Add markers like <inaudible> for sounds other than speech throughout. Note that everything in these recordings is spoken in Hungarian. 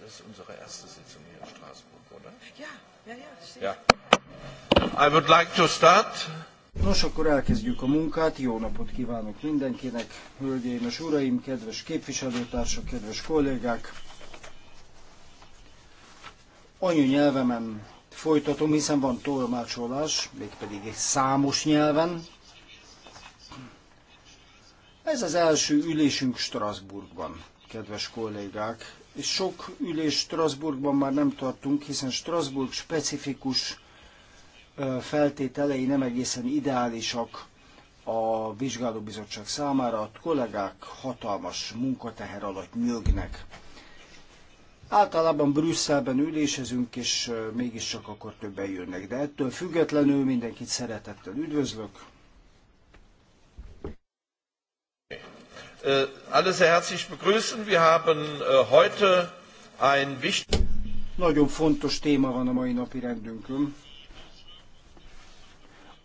Das ist unsere erste Sitzung hier in Straßburg, oder? Ja, ja, ja. ja. I would like to start. Nos, akkor elkezdjük a munkát. Jó napot kívánok mindenkinek, hölgyeim és uraim, kedves képviselőtársak, kedves kollégák. Anyanyelvemen folytatom, hiszen van tolmácsolás, mégpedig egy számos nyelven. Ez az első ülésünk Strasbourgban kedves kollégák, és sok ülés Strasbourgban már nem tartunk, hiszen Strasbourg specifikus feltételei nem egészen ideálisak a vizsgálóbizottság számára. A kollégák hatalmas munkateher alatt nyögnek. Általában Brüsszelben ülésezünk, és mégiscsak akkor többen jönnek. De ettől függetlenül mindenkit szeretettel üdvözlök. Äh, alle sehr herzlich begrüßen. Wir haben äh, heute ein wichtiges... Nagyon fontos téma van a mai napi rendünkön.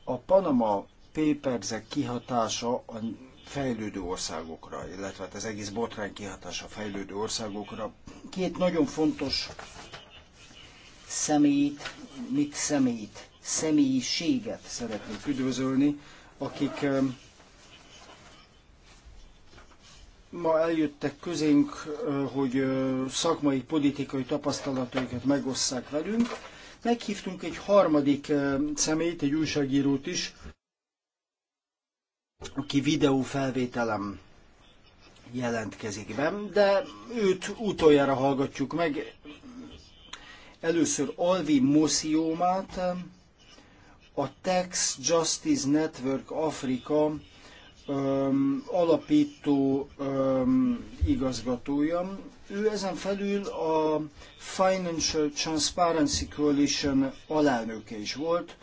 A Panama papers kihatása a fejlődő országokra, illetve hát az egész botrány kihatása a fejlődő országokra. Két nagyon fontos személyt, mit személyt, személyiséget szeretnék üdvözölni, akik ma eljöttek közénk, hogy szakmai, politikai tapasztalataikat megosszák velünk. Meghívtunk egy harmadik személyt, egy újságírót is, aki videófelvételem jelentkezik be, de őt utoljára hallgatjuk meg. Először Alvi Mosziómát, a Tax Justice Network Afrika alapító igazgatója. Ő ezen felül a Financial Transparency Coalition alelnöke is volt.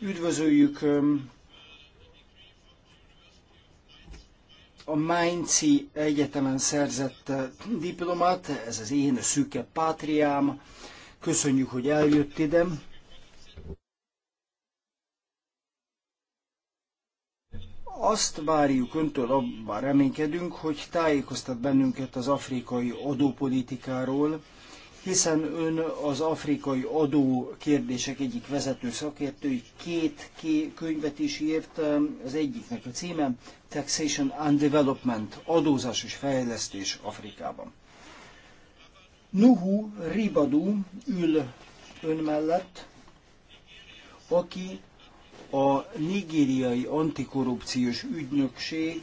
Üdvözöljük a Mainzi Egyetemen szerzett diplomát, ez az én szüke pátriám. Köszönjük, hogy eljött ide. Azt várjuk öntől, abban reménykedünk, hogy tájékoztat bennünket az afrikai adópolitikáról, hiszen ön az afrikai adó kérdések egyik vezető szakértői két, két könyvet is írt, az egyiknek a címe Taxation and Development, adózás és fejlesztés Afrikában. Nuhu Ribadu ül ön mellett, aki a nigériai antikorrupciós ügynökség,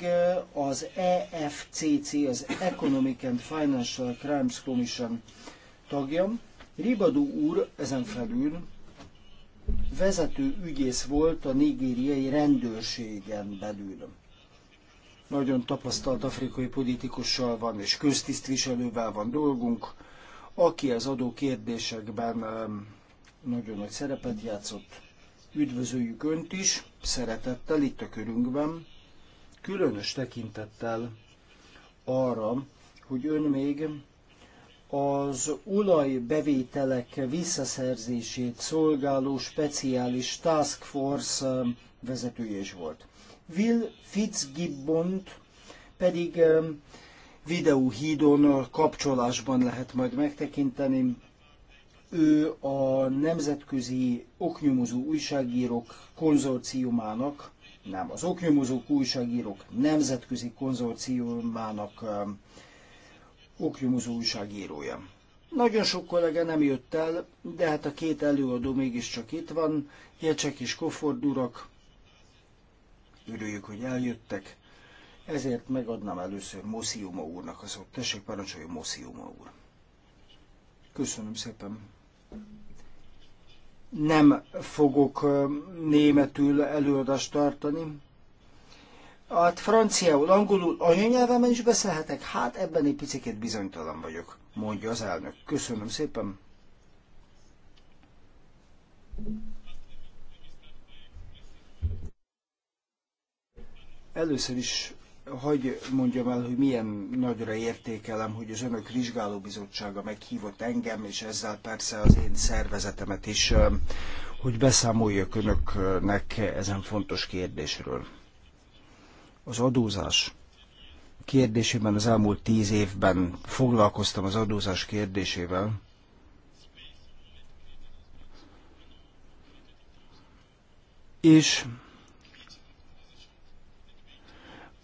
az EFCC, az Economic and Financial Crimes Commission tagja. Ribadu úr ezen felül vezető ügyész volt a nigériai rendőrségen belül. Nagyon tapasztalt afrikai politikussal van és köztisztviselővel van dolgunk, aki az adó kérdésekben um, nagyon nagy szerepet játszott. Üdvözöljük Önt is, szeretettel itt a körünkben, különös tekintettel arra, hogy Ön még az olajbevételek visszaszerzését szolgáló speciális task force eh, vezetője is volt. Will Fitzgibbon pedig eh, videóhídon kapcsolásban lehet majd megtekinteni, ő a Nemzetközi Oknyomozó Újságírók Konzorciumának, nem, az Oknyomozók Újságírók Nemzetközi Konzorciumának um, oknyomozó újságírója. Nagyon sok kollega nem jött el, de hát a két előadó mégiscsak itt van, Jecsek és Kofford urak. Örüljük, hogy eljöttek. Ezért megadnám először Mosziuma úrnak a szót. Tessék, parancsoljon Mosziuma úr. Köszönöm szépen. Nem fogok németül előadást tartani. Hát franciául, angolul, anyanyelvemen is beszélhetek? Hát ebben egy picit bizonytalan vagyok, mondja az elnök. Köszönöm szépen. Először is hagy mondjam el, hogy milyen nagyra értékelem, hogy az Önök vizsgálóbizottsága meghívott engem, és ezzel persze az én szervezetemet is, hogy beszámoljak Önöknek ezen fontos kérdésről. Az adózás kérdésében az elmúlt tíz évben foglalkoztam az adózás kérdésével, és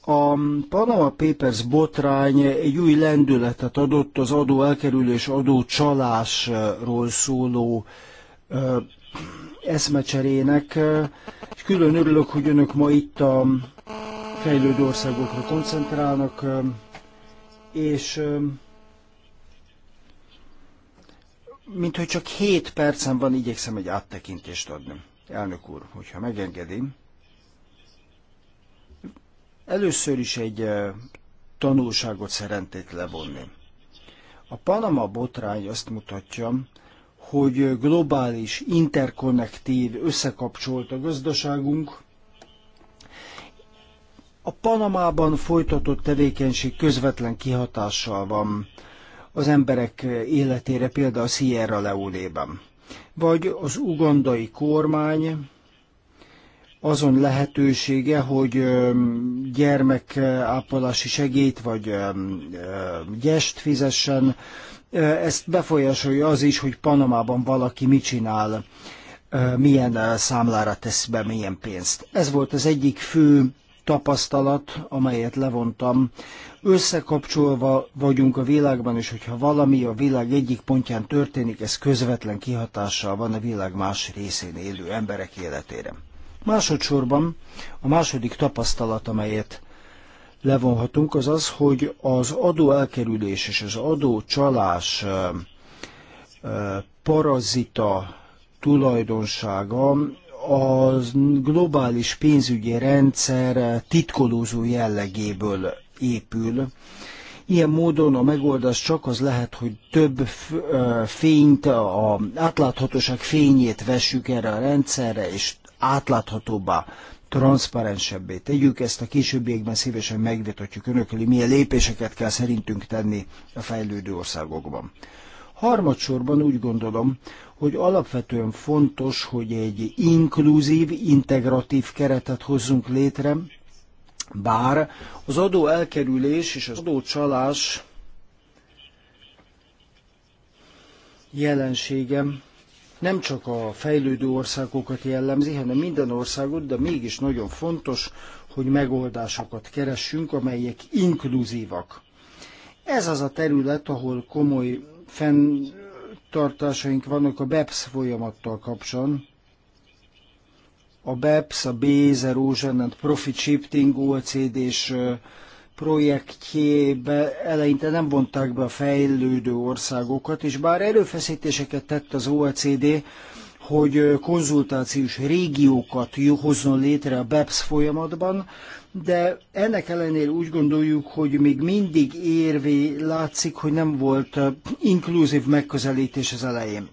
a Panama Papers botrány egy új lendületet adott az adó elkerülés, adó csalásról szóló ö, eszmecserének, és külön örülök, hogy önök ma itt a fejlődő országokra koncentrálnak, és mint hogy csak 7 percen van, igyekszem egy áttekintést adni. Elnök úr, hogyha megengedi, Először is egy tanulságot szeretnék levonni. A Panama botrány azt mutatja, hogy globális, interkonnektív, összekapcsolt a gazdaságunk. A Panamában folytatott tevékenység közvetlen kihatással van az emberek életére, például a Sierra Leone-ben. Vagy az ugandai kormány azon lehetősége, hogy gyermekápolási segélyt vagy gyest fizessen. Ezt befolyásolja az is, hogy Panamában valaki mit csinál, milyen számlára tesz be milyen pénzt. Ez volt az egyik fő tapasztalat, amelyet levontam. Összekapcsolva vagyunk a világban, és hogyha valami a világ egyik pontján történik, ez közvetlen kihatással van a világ más részén élő emberek életére. Másodszorban a második tapasztalat, amelyet levonhatunk, az az, hogy az adó elkerülés és az adó csalás parazita tulajdonsága a globális pénzügyi rendszer titkolózó jellegéből épül. Ilyen módon a megoldás csak az lehet, hogy több fényt, a átláthatóság fényét vessük erre a rendszerre, és átláthatóbbá, transzparensebbé tegyük. Ezt a későbbiekben szívesen megvitatjuk önökkel, hogy milyen lépéseket kell szerintünk tenni a fejlődő országokban. Harmadsorban úgy gondolom, hogy alapvetően fontos, hogy egy inkluzív, integratív keretet hozzunk létre, bár az adó elkerülés és az adócsalás jelenségem nem csak a fejlődő országokat jellemzi, hanem minden országot, de mégis nagyon fontos, hogy megoldásokat keressünk, amelyek inkluzívak. Ez az a terület, ahol komoly fenntartásaink vannak a BEPS folyamattal kapcsolatban. A BEPS, a Bézer, Ocean and Profit Shifting, oecd és projektjébe eleinte nem vonták be a fejlődő országokat, és bár erőfeszítéseket tett az OECD, hogy konzultációs régiókat hozzon létre a BEPS folyamatban, de ennek ellenére úgy gondoljuk, hogy még mindig érvé látszik, hogy nem volt inkluzív megközelítés az elején.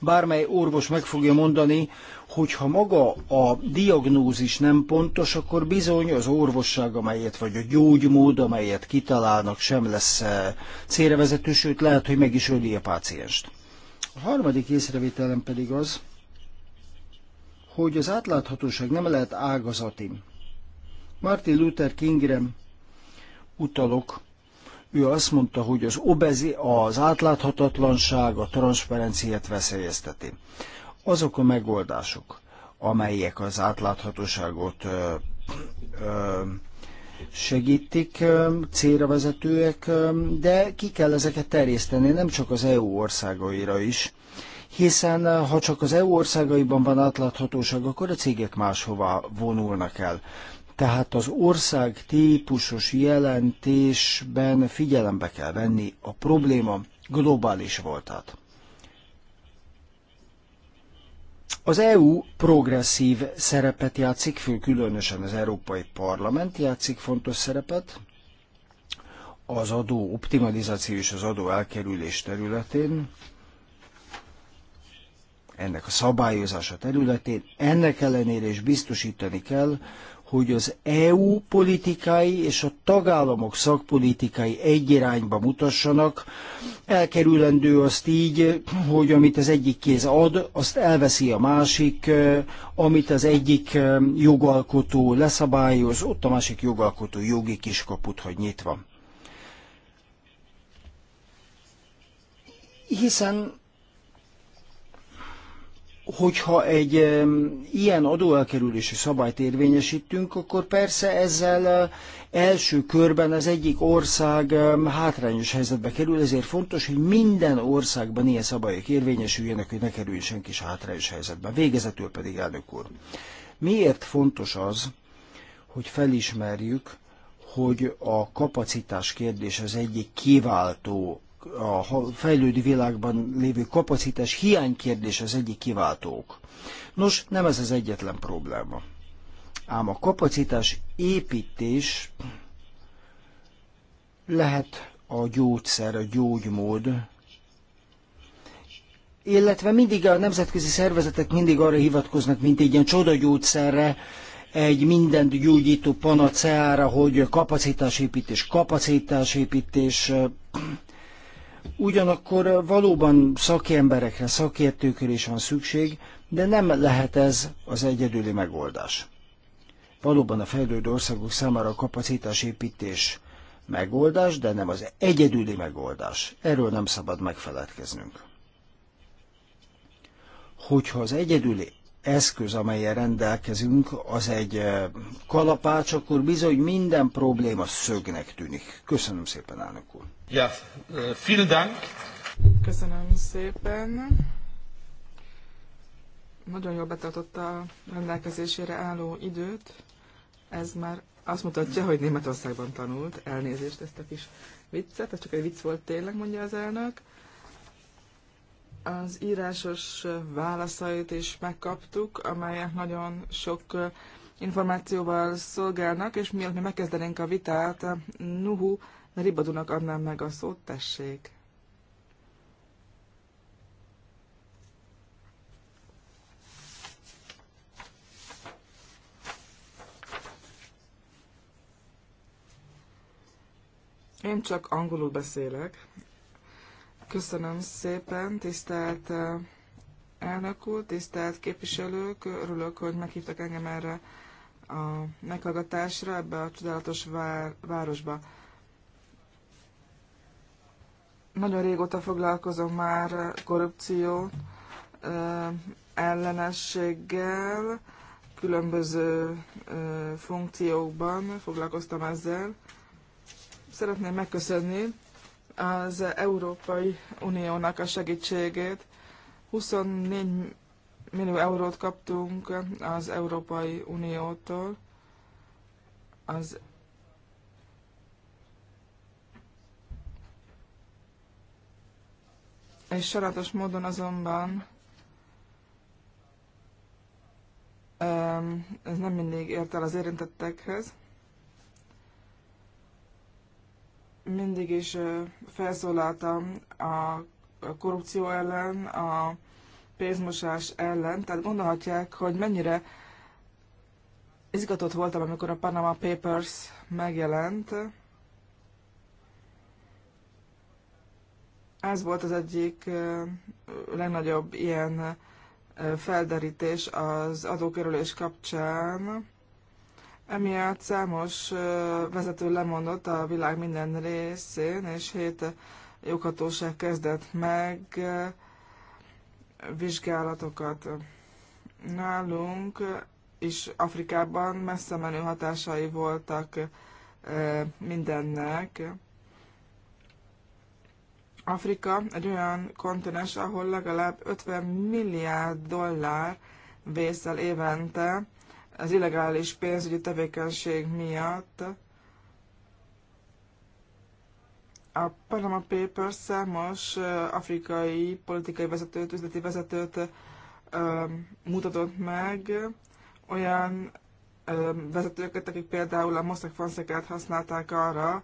Bármely orvos meg fogja mondani, hogyha maga a diagnózis nem pontos, akkor bizony az orvosság, amelyet vagy a gyógymód, amelyet kitalálnak, sem lesz eh, célrevezető, sőt lehet, hogy meg is öli a pácienst. A harmadik észrevételem pedig az, hogy az átláthatóság nem lehet ágazati. Martin Luther Kingre utalok, ő azt mondta, hogy az, obezi, az átláthatatlanság a transzparenciát veszélyezteti. Azok a megoldások, amelyek az átláthatóságot ö, ö, segítik, célra vezetőek, de ki kell ezeket terjeszteni, nem csak az EU országaira is, hiszen ha csak az EU országaiban van átláthatóság, akkor a cégek máshova vonulnak el. Tehát az ország típusos jelentésben figyelembe kell venni a probléma globális voltát. Az EU progresszív szerepet játszik, fő különösen az Európai Parlament játszik fontos szerepet, az adó optimalizáció és az adó elkerülés területén, ennek a szabályozása területén, ennek ellenére is biztosítani kell, hogy az EU politikái és a tagállamok szakpolitikái egy irányba mutassanak. Elkerülendő azt így, hogy amit az egyik kéz ad, azt elveszi a másik, eh, amit az egyik eh, jogalkotó leszabályoz, ott a másik jogalkotó jogi kiskaput hagy nyitva. Hiszen hogyha egy ilyen adóelkerülési szabályt érvényesítünk, akkor persze ezzel első körben az egyik ország hátrányos helyzetbe kerül, ezért fontos, hogy minden országban ilyen szabályok érvényesüljenek, hogy ne kerüljön senki is hátrányos helyzetbe. Végezetül pedig, elnök úr, miért fontos az, hogy felismerjük, hogy a kapacitás kérdés az egyik kiváltó a fejlődő világban lévő kapacitás hiány kérdés az egyik kiváltók. Nos, nem ez az egyetlen probléma. Ám a kapacitás építés lehet a gyógyszer, a gyógymód, illetve mindig a nemzetközi szervezetek mindig arra hivatkoznak, mint egy ilyen csodagyógyszerre, egy mindent gyógyító panaceára, hogy kapacitásépítés, kapacitásépítés. Ugyanakkor valóban szakemberekre, szakértőkre is van szükség, de nem lehet ez az egyedüli megoldás. Valóban a fejlődő országok számára a kapacitásépítés megoldás, de nem az egyedüli megoldás. Erről nem szabad megfeledkeznünk. Hogyha az egyedüli eszköz, amelyen rendelkezünk, az egy kalapács, akkor bizony minden probléma szögnek tűnik. Köszönöm szépen, elnök úr! Ja, äh, vielen Dank. Köszönöm szépen. Nagyon jól betartotta a rendelkezésére álló időt. Ez már azt mutatja, hogy Németországban tanult. Elnézést ezt a kis viccet, ez csak egy vicc volt tényleg, mondja az elnök. Az írásos válaszait is megkaptuk, amelyek nagyon sok információval szolgálnak, és mielőtt mi megkezdenénk a vitát, Nuhu Ribadunak adnám meg a szót, tessék. Én csak angolul beszélek. Köszönöm szépen, tisztelt eh, elnök úr, tisztelt képviselők, örülök, hogy meghívtak engem erre a meghallgatásra ebbe a csodálatos vár, városba. Nagyon régóta foglalkozom már korrupció ellenességgel, különböző funkciókban foglalkoztam ezzel. Szeretném megköszönni az Európai Uniónak a segítségét. 24 millió eurót kaptunk az Európai Uniótól az és sajátos módon azonban ez nem mindig ért el az érintettekhez. Mindig is felszólaltam a korrupció ellen, a pénzmosás ellen, tehát gondolhatják, hogy mennyire izgatott voltam, amikor a Panama Papers megjelent, Ez volt az egyik legnagyobb ilyen felderítés az adókerülés kapcsán. Emiatt számos vezető lemondott a világ minden részén, és hét joghatóság kezdett meg vizsgálatokat. Nálunk is Afrikában messze menő hatásai voltak mindennek. Afrika egy olyan kontinens, ahol legalább 50 milliárd dollár vészel évente az illegális pénzügyi tevékenység miatt. A Panama Papers számos afrikai politikai vezetőt, üzleti vezetőt mutatott meg, olyan vezetőket, akik például a Mossack Fonseca-t használták arra,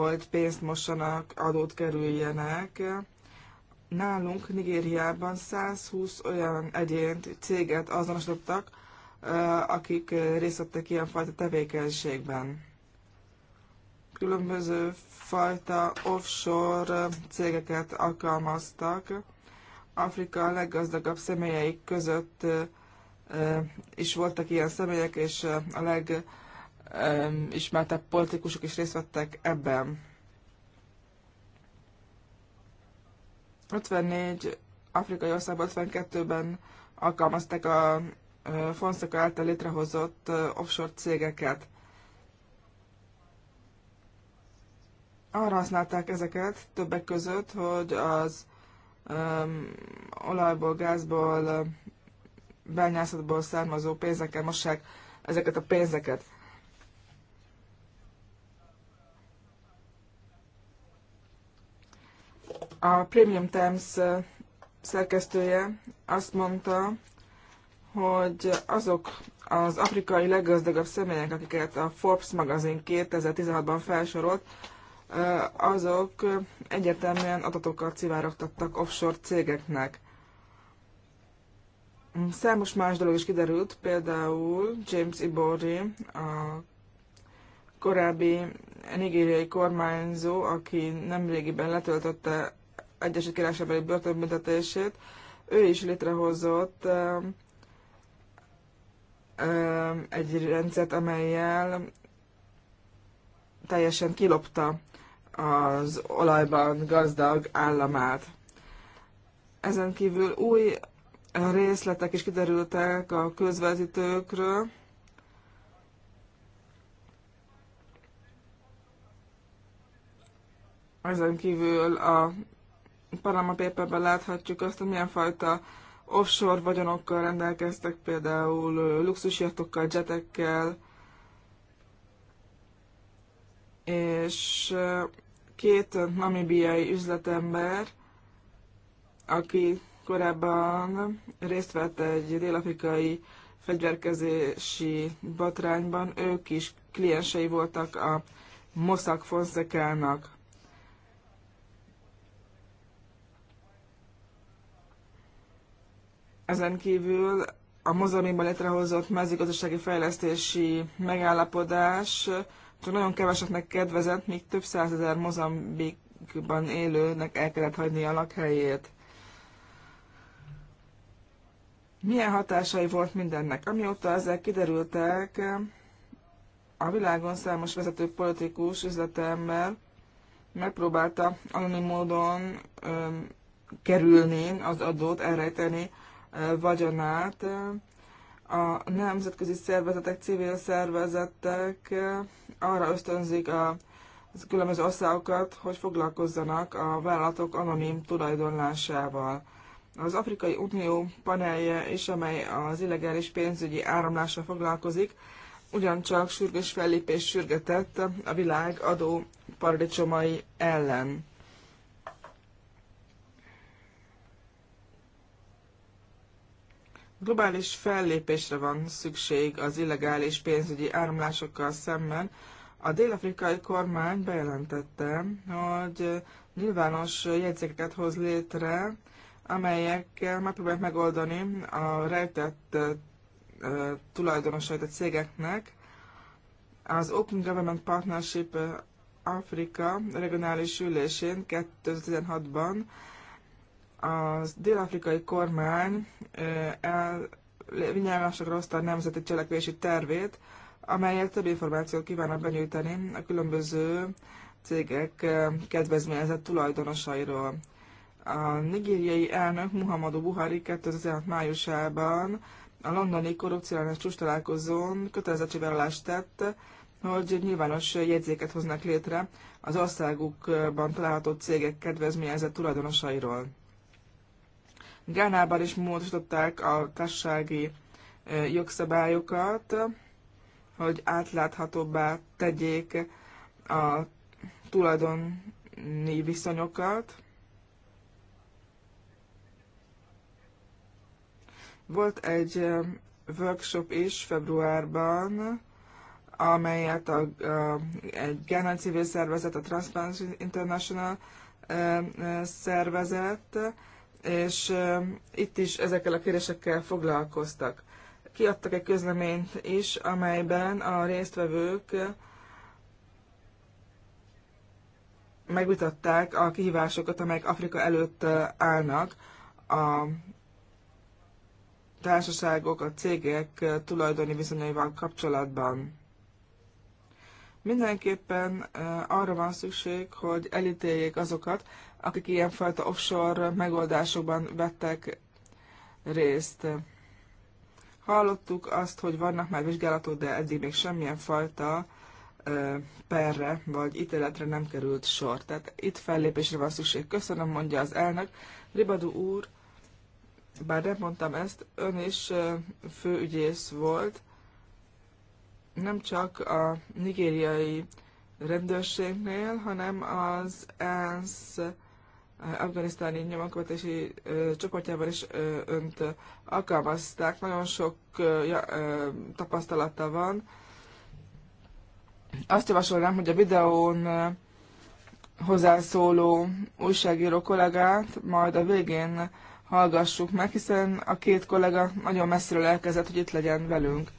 hogy pénzt mossanak, adót kerüljenek. Nálunk Nigériában 120 olyan egyént, céget azonosítottak, akik részt vettek ilyenfajta tevékenységben. Különböző fajta offshore cégeket alkalmaztak. Afrika leggazdagabb személyeik között is voltak ilyen személyek, és a leg ismertebb politikusok is részt vettek ebben. 54 afrikai országban, 52-ben alkalmazták a Fonszaka által létrehozott offshore cégeket. Arra használták ezeket többek között, hogy az um, olajból, gázból, bányászatból származó pénzekkel mossák ezeket a pénzeket. a Premium Times szerkesztője azt mondta, hogy azok az afrikai leggazdagabb személyek, akiket a Forbes magazin 2016-ban felsorolt, azok egyértelműen adatokat szivárogtattak offshore cégeknek. Számos más dolog is kiderült, például James Ibori, a korábbi nigériai kormányzó, aki nemrégiben letöltötte Egyesült Királyságbeli börtönbüntetését, ő is létrehozott um, um, egy rendszert, amelyel teljesen kilopta az olajban gazdag államát. Ezen kívül új részletek is kiderültek a közvetítőkről. Ezen kívül a Panama Paperben láthatjuk azt, hogy milyen fajta offshore vagyonokkal rendelkeztek, például luxusjatokkal, jetekkel, és két namibiai üzletember, aki korábban részt vett egy dél-afrikai fegyverkezési batrányban, ők is kliensei voltak a Mossack Fonseca-nak. Ezen kívül a Mozambikban létrehozott mezőgazdasági fejlesztési megállapodás csak nagyon keveseknek kedvezett, míg több százezer Mozambikban élőnek el kellett hagyni a lakhelyét. Milyen hatásai volt mindennek? Amióta ezek kiderültek, a világon számos vezető politikus, üzletember megpróbálta anonim módon öm, kerülni az adót, elrejteni vagyonát. A nemzetközi szervezetek, civil szervezetek arra ösztönzik a különböző országokat, hogy foglalkozzanak a vállalatok anonim tulajdonlásával. Az Afrikai Unió panelje is, amely az illegális pénzügyi áramlással foglalkozik, ugyancsak sürgős fellépés sürgetett a világ adó paradicsomai ellen. Globális fellépésre van szükség az illegális pénzügyi áramlásokkal szemben. A dél-afrikai kormány bejelentette, hogy nyilvános jegyzéket hoz létre, amelyekkel megpróbálják megoldani a rejtett tulajdonosait a cégeknek. Az Open Government Partnership Afrika regionális ülésén 2016-ban az dél-afrikai kormány elvinyelmásokra hozta a nemzeti cselekvési tervét, amelyet több információt kívánnak benyújtani a különböző cégek kedvezményezett tulajdonosairól. A nigériai elnök Muhammadu Buhari 2016 májusában a londoni korrupciós csúcs találkozón kötelezettségvállalást tett, hogy nyilvános jegyzéket hoznak létre az országukban található cégek kedvezményezett tulajdonosairól. Gánában is módosították a társasági jogszabályokat, hogy átláthatóbbá tegyék a tulajdoni viszonyokat. Volt egy workshop is februárban, amelyet a, a, egy Ghana civil szervezet, a Transparency International szervezett és itt is ezekkel a kérdésekkel foglalkoztak. Kiadtak egy közleményt is, amelyben a résztvevők megvitatták a kihívásokat, amelyek Afrika előtt állnak. A társaságok, a cégek tulajdoni viszonyaival kapcsolatban. Mindenképpen arra van szükség, hogy elítéljék azokat, akik ilyenfajta offshore megoldásokban vettek részt. Hallottuk azt, hogy vannak már vizsgálatok, de eddig még semmilyen fajta perre vagy ítéletre nem került sor. Tehát itt fellépésre van szükség. Köszönöm, mondja az elnök. Ribadu úr, bár nem mondtam ezt, ön is főügyész volt, nem csak a nigériai rendőrségnél, hanem az ENSZ afganisztáni nyomonkövetési csoportjában is ö, önt alkalmazták. Nagyon sok ö, ö, tapasztalata van. Azt javasolnám, hogy a videón hozzászóló újságíró kollégát majd a végén hallgassuk meg, hiszen a két kollega nagyon messziről elkezdett, hogy itt legyen velünk.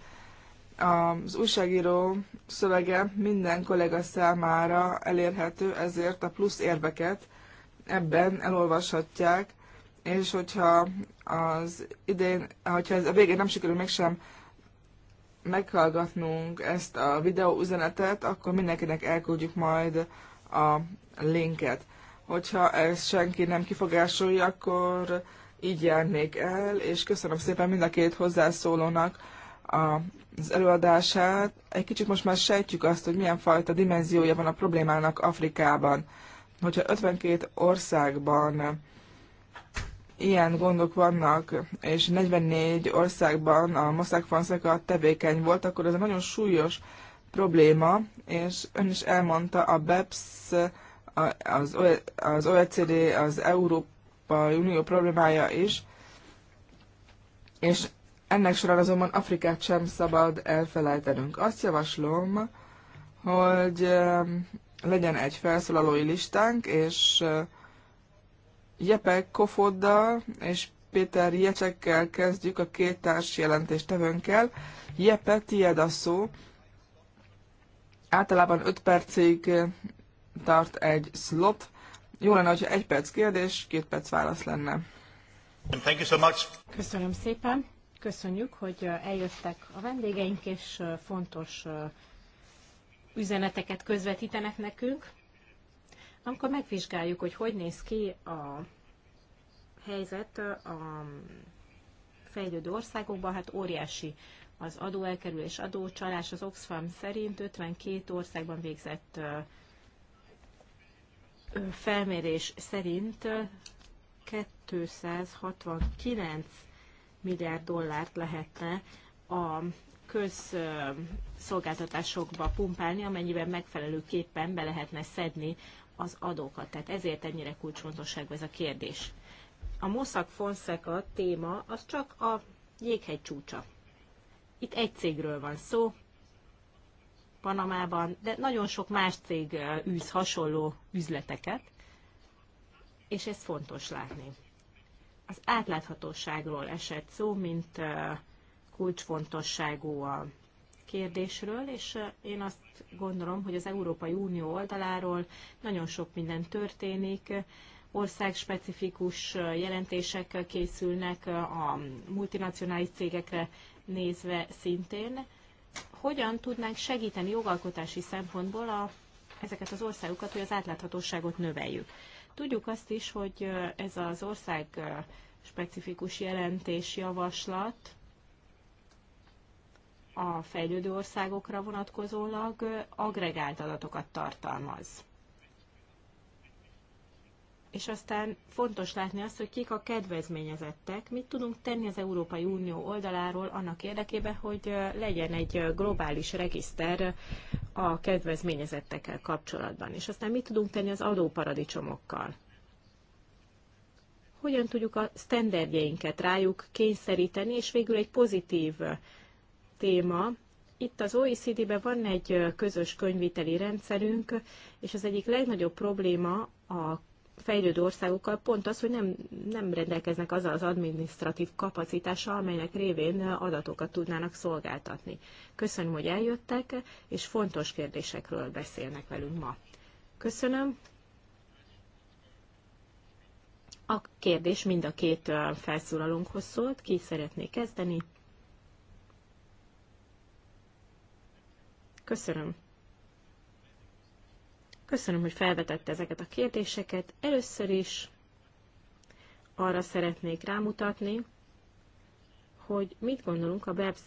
Az újságíró szövege minden kollega számára elérhető, ezért a plusz érveket ebben elolvashatják, és hogyha az idén, hogyha ez a végén nem sikerül mégsem meghallgatnunk ezt a videó üzenetet, akkor mindenkinek elküldjük majd a linket. Hogyha ezt senki nem kifogásolja, akkor így járnék el, és köszönöm szépen mind a két hozzászólónak az előadását. Egy kicsit most már sejtjük azt, hogy milyen fajta dimenziója van a problémának Afrikában. Hogyha 52 országban ilyen gondok vannak, és 44 országban a Mossack Fonseca tevékeny volt, akkor ez egy nagyon súlyos probléma, és ön is elmondta, a BEPS, az OECD, az Európai Unió problémája is, és ennek során azonban Afrikát sem szabad elfelejtenünk. Azt javaslom, hogy legyen egy felszólalói listánk, és Jepek Kofoddal és Péter Jecsekkel kezdjük a két társ jelentéstevőnkkel. Jepe, tiéd a szó. Általában 5 percig tart egy slot. Jó lenne, hogyha egy perc kérdés, két perc válasz lenne. Thank you so much. Köszönöm szépen. Köszönjük, hogy eljöttek a vendégeink, és fontos üzeneteket közvetítenek nekünk, amikor megvizsgáljuk, hogy hogy néz ki a helyzet a fejlődő országokban, hát óriási az adóelkerülés, adócsalás az Oxfam szerint 52 országban végzett felmérés szerint 269 milliárd dollárt lehetne a közszolgáltatásokba pumpálni, amennyiben megfelelőképpen be lehetne szedni az adókat. Tehát ezért ennyire kulcsfontosságú ez a kérdés. A Mossack Fonseca téma az csak a jéghegy csúcsa. Itt egy cégről van szó, Panamában, de nagyon sok más cég űz hasonló üzleteket, és ez fontos látni. Az átláthatóságról esett szó, mint kulcsfontosságú a kérdésről, és én azt gondolom, hogy az Európai Unió oldaláról nagyon sok minden történik, országspecifikus jelentések készülnek a multinacionális cégekre nézve szintén. Hogyan tudnánk segíteni jogalkotási szempontból a, ezeket az országokat, hogy az átláthatóságot növeljük? Tudjuk azt is, hogy ez az ország specifikus jelentés javaslat a fejlődő országokra vonatkozólag agregált adatokat tartalmaz. És aztán fontos látni azt, hogy kik a kedvezményezettek, mit tudunk tenni az Európai Unió oldaláról annak érdekében, hogy legyen egy globális regiszter a kedvezményezettekkel kapcsolatban. És aztán mit tudunk tenni az adóparadicsomokkal. Hogyan tudjuk a sztenderdjeinket rájuk kényszeríteni, és végül egy pozitív téma. Itt az OECD-ben van egy közös könyviteli rendszerünk, és az egyik legnagyobb probléma a fejlődő országokkal pont az, hogy nem, nem rendelkeznek azzal az administratív kapacitással, amelynek révén adatokat tudnának szolgáltatni. Köszönöm, hogy eljöttek, és fontos kérdésekről beszélnek velünk ma. Köszönöm. A kérdés mind a két felszólalónkhoz szólt. Ki szeretné kezdeni? Köszönöm. Köszönöm, hogy felvetette ezeket a kérdéseket. Először is arra szeretnék rámutatni, hogy mit gondolunk a BEPS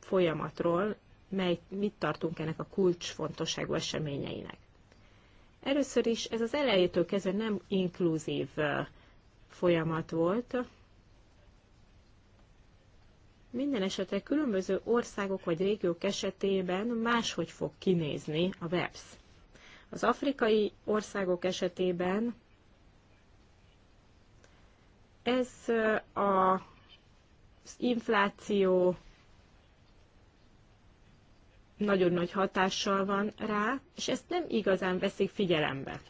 folyamatról, mely, mit tartunk ennek a kulcsfontosságú eseményeinek. Először is ez az elejétől kezdve nem inkluzív folyamat volt, minden esetre különböző országok vagy régiók esetében máshogy fog kinézni a webs. Az afrikai országok esetében ez a, az infláció nagyon nagy hatással van rá, és ezt nem igazán veszik figyelembe.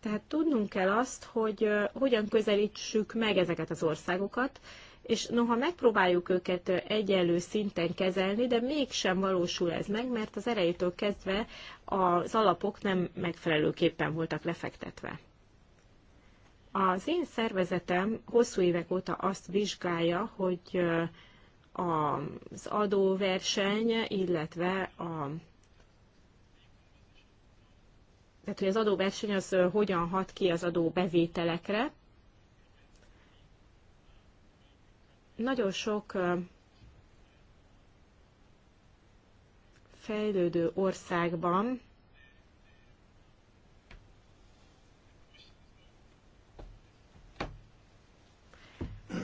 Tehát tudnunk kell azt, hogy hogyan közelítsük meg ezeket az országokat, és noha megpróbáljuk őket egyenlő szinten kezelni, de mégsem valósul ez meg, mert az erejétől kezdve az alapok nem megfelelőképpen voltak lefektetve. Az én szervezetem hosszú évek óta azt vizsgálja, hogy az adóverseny, illetve a tehát, hogy az adóverseny az hogyan hat ki az adóbevételekre, Nagyon sok fejlődő országban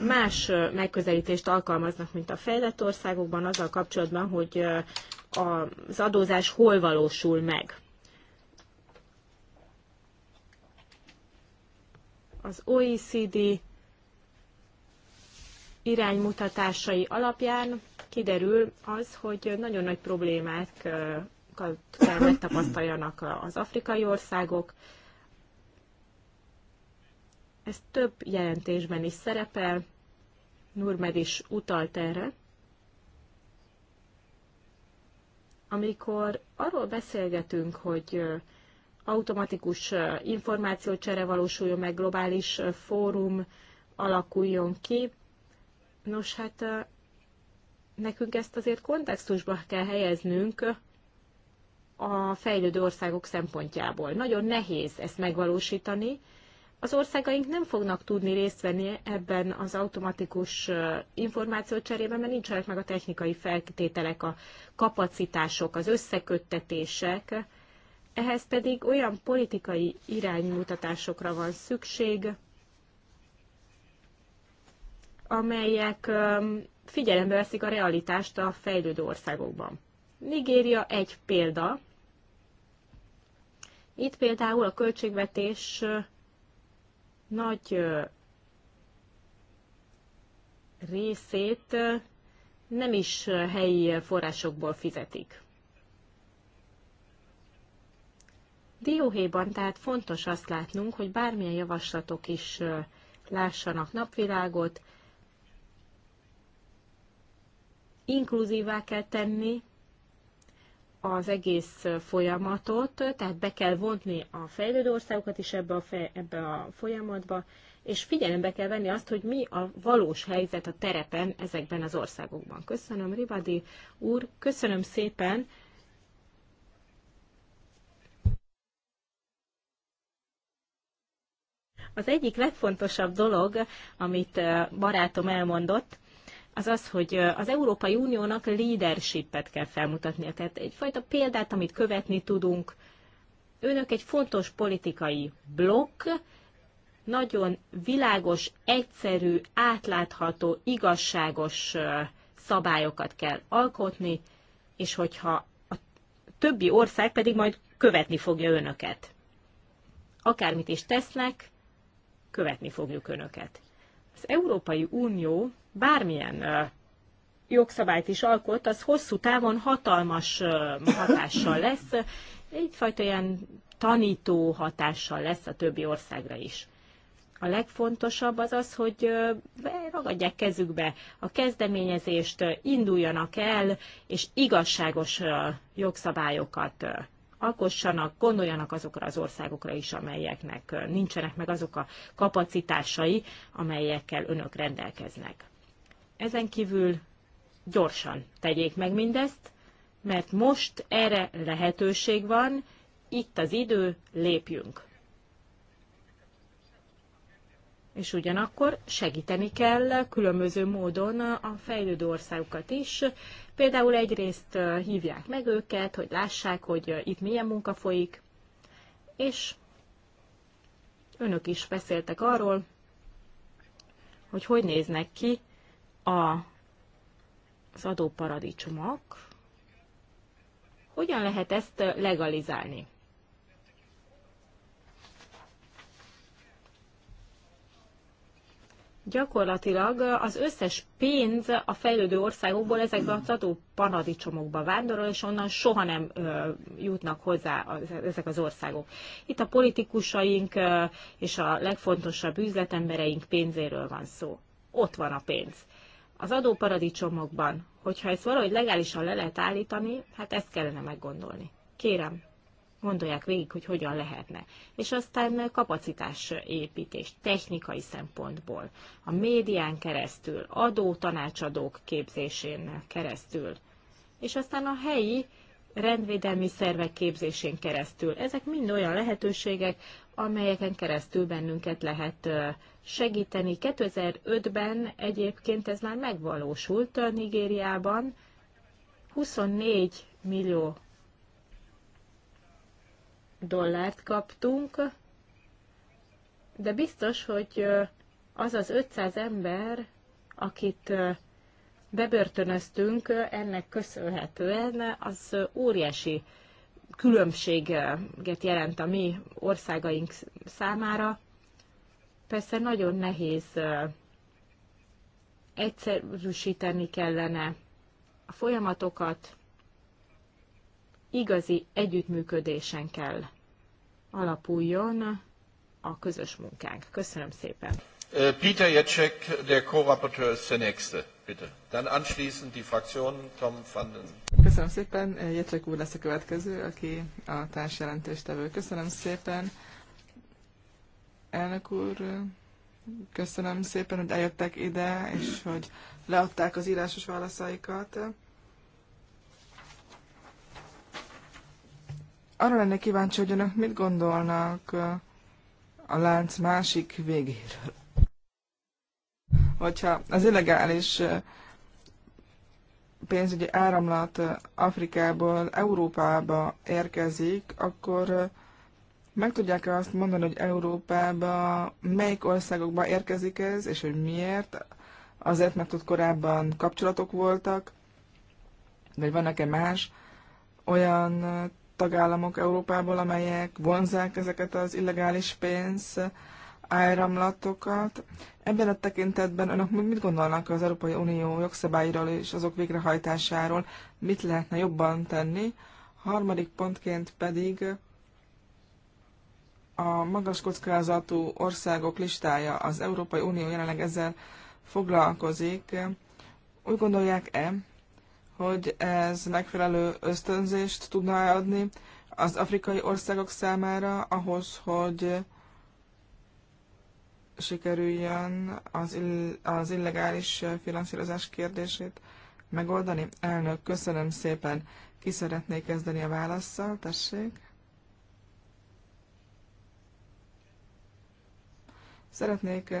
más megközelítést alkalmaznak, mint a fejlett országokban, azzal kapcsolatban, hogy az adózás hol valósul meg. Az OECD iránymutatásai alapján kiderül az, hogy nagyon nagy problémákat kell megtapasztaljanak az afrikai országok. Ez több jelentésben is szerepel, Nurmed is utalt erre. Amikor arról beszélgetünk, hogy automatikus információcsere valósuljon meg, globális fórum alakuljon ki, Nos, hát nekünk ezt azért kontextusba kell helyeznünk a fejlődő országok szempontjából. Nagyon nehéz ezt megvalósítani. Az országaink nem fognak tudni részt venni ebben az automatikus információcserében, mert nincsenek meg a technikai feltételek, a kapacitások, az összeköttetések. Ehhez pedig olyan politikai iránymutatásokra van szükség, amelyek figyelembe veszik a realitást a fejlődő országokban. Nigéria egy példa. Itt például a költségvetés nagy részét nem is helyi forrásokból fizetik. Dióhéjban tehát fontos azt látnunk, hogy bármilyen javaslatok is lássanak napvilágot, inkluzívá kell tenni az egész folyamatot, tehát be kell vonni a fejlődő országokat is ebbe a, fej, ebbe a folyamatba, és figyelembe kell venni azt, hogy mi a valós helyzet a terepen ezekben az országokban. Köszönöm, Rivadi úr, köszönöm szépen. Az egyik legfontosabb dolog, amit eh, barátom elmondott, az az, hogy az Európai Uniónak leadershipet kell felmutatnia, tehát egyfajta példát, amit követni tudunk. Önök egy fontos politikai blokk, nagyon világos, egyszerű, átlátható, igazságos szabályokat kell alkotni, és hogyha a többi ország pedig majd követni fogja önöket. Akármit is tesznek, követni fogjuk önöket. Európai Unió bármilyen jogszabályt is alkot, az hosszú távon hatalmas hatással lesz, egyfajta ilyen tanító hatással lesz a többi országra is. A legfontosabb az az, hogy ragadják kezükbe a kezdeményezést, induljanak el, és igazságos jogszabályokat alkossanak, gondoljanak azokra az országokra is, amelyeknek nincsenek meg azok a kapacitásai, amelyekkel önök rendelkeznek. Ezen kívül gyorsan tegyék meg mindezt, mert most erre lehetőség van, itt az idő, lépjünk. És ugyanakkor segíteni kell különböző módon a fejlődő országokat is, Például egyrészt hívják meg őket, hogy lássák, hogy itt milyen munka folyik, és önök is beszéltek arról, hogy hogy néznek ki a, az adóparadicsomok, hogyan lehet ezt legalizálni. gyakorlatilag az összes pénz a fejlődő országokból ezekbe a adó paradicsomokba vándorol, és onnan soha nem ö, jutnak hozzá az, ezek az országok. Itt a politikusaink ö, és a legfontosabb üzletembereink pénzéről van szó. Ott van a pénz. Az adóparadicsomokban, hogyha ezt valahogy legálisan le lehet állítani, hát ezt kellene meggondolni. Kérem, gondolják végig, hogy hogyan lehetne. És aztán kapacitásépítés technikai szempontból, a médián keresztül, adó tanácsadók képzésén keresztül, és aztán a helyi rendvédelmi szervek képzésén keresztül. Ezek mind olyan lehetőségek, amelyeken keresztül bennünket lehet segíteni. 2005-ben egyébként ez már megvalósult Nigériában. 24 millió dollárt kaptunk, de biztos, hogy az az 500 ember, akit bebörtönöztünk, ennek köszönhetően az óriási különbséget jelent a mi országaink számára. Persze nagyon nehéz egyszerűsíteni kellene a folyamatokat, igazi együttműködésen kell alapuljon a közös munkánk. Köszönöm szépen. Peter Jacek, der Co-Rapporteur, ist der Nächste. Bitte. Dann anschließend die Fraktion Tom van den... Köszönöm szépen. Jacek úr lesz a következő, aki a társjelentéstevő. Köszönöm szépen. Elnök úr, köszönöm szépen, hogy eljöttek ide, és hogy leadták az írásos válaszaikat. Arra lenne kíváncsi, hogy önök mit gondolnak a lánc másik végéről. Hogyha az illegális pénzügyi áramlat Afrikából Európába érkezik, akkor meg tudják-e azt mondani, hogy Európába melyik országokba érkezik ez, és hogy miért? Azért, mert ott korábban kapcsolatok voltak, vagy vannak-e más olyan tagállamok Európából, amelyek vonzák ezeket az illegális pénz áramlatokat. Ebben a tekintetben önök mit gondolnak az Európai Unió jogszabályról és azok végrehajtásáról? Mit lehetne jobban tenni? Harmadik pontként pedig a magas kockázatú országok listája. Az Európai Unió jelenleg ezzel foglalkozik. Úgy gondolják-e, hogy ez megfelelő ösztönzést tudna adni az afrikai országok számára ahhoz, hogy sikerüljön az, ill- az illegális finanszírozás kérdését megoldani? Elnök, köszönöm szépen. Ki szeretné kezdeni a válaszsal? Tessék. Szeretnék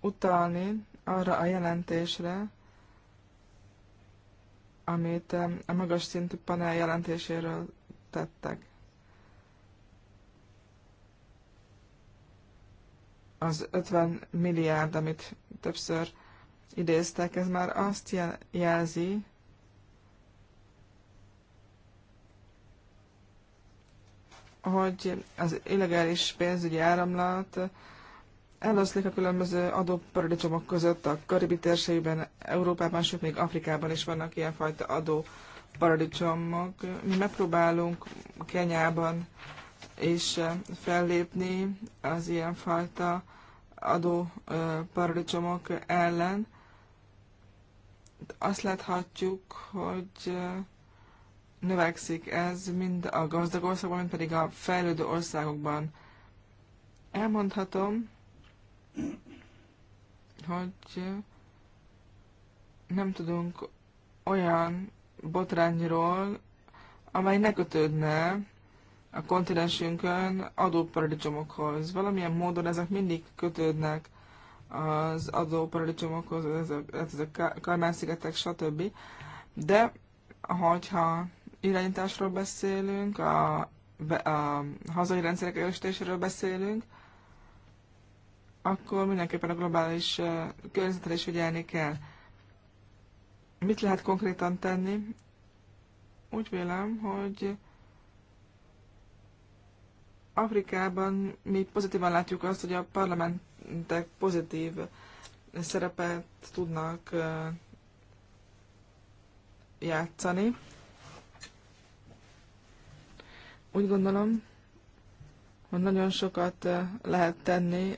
utalni arra a jelentésre, amit a magas szintű panel jelentéséről tettek. Az 50 milliárd, amit többször idéztek, ez már azt jelzi, hogy az illegális pénzügyi áramlat eloszlik a különböző adóparadicsomok között a karibi térségben, Európában, sőt még Afrikában is vannak ilyenfajta adóparadicsomok. Mi megpróbálunk Kenyában és fellépni az ilyenfajta adóparadicsomok ellen. Azt láthatjuk, hogy növekszik ez mind a gazdag országban, mind pedig a fejlődő országokban. Elmondhatom, hogy nem tudunk olyan botrányról, amely ne kötődne a kontinensünkön adóparadicsomokhoz. Valamilyen módon ezek mindig kötődnek az adóparadicsomokhoz, ezek, ezek Kalmán-szigetek, stb. De hogyha irányításról beszélünk, a, a hazai rendszerek erősítéséről beszélünk, akkor mindenképpen a globális környezetre is figyelni kell. Mit lehet konkrétan tenni? Úgy vélem, hogy Afrikában mi pozitívan látjuk azt, hogy a parlamentek pozitív szerepet tudnak játszani. Úgy gondolom, hogy nagyon sokat lehet tenni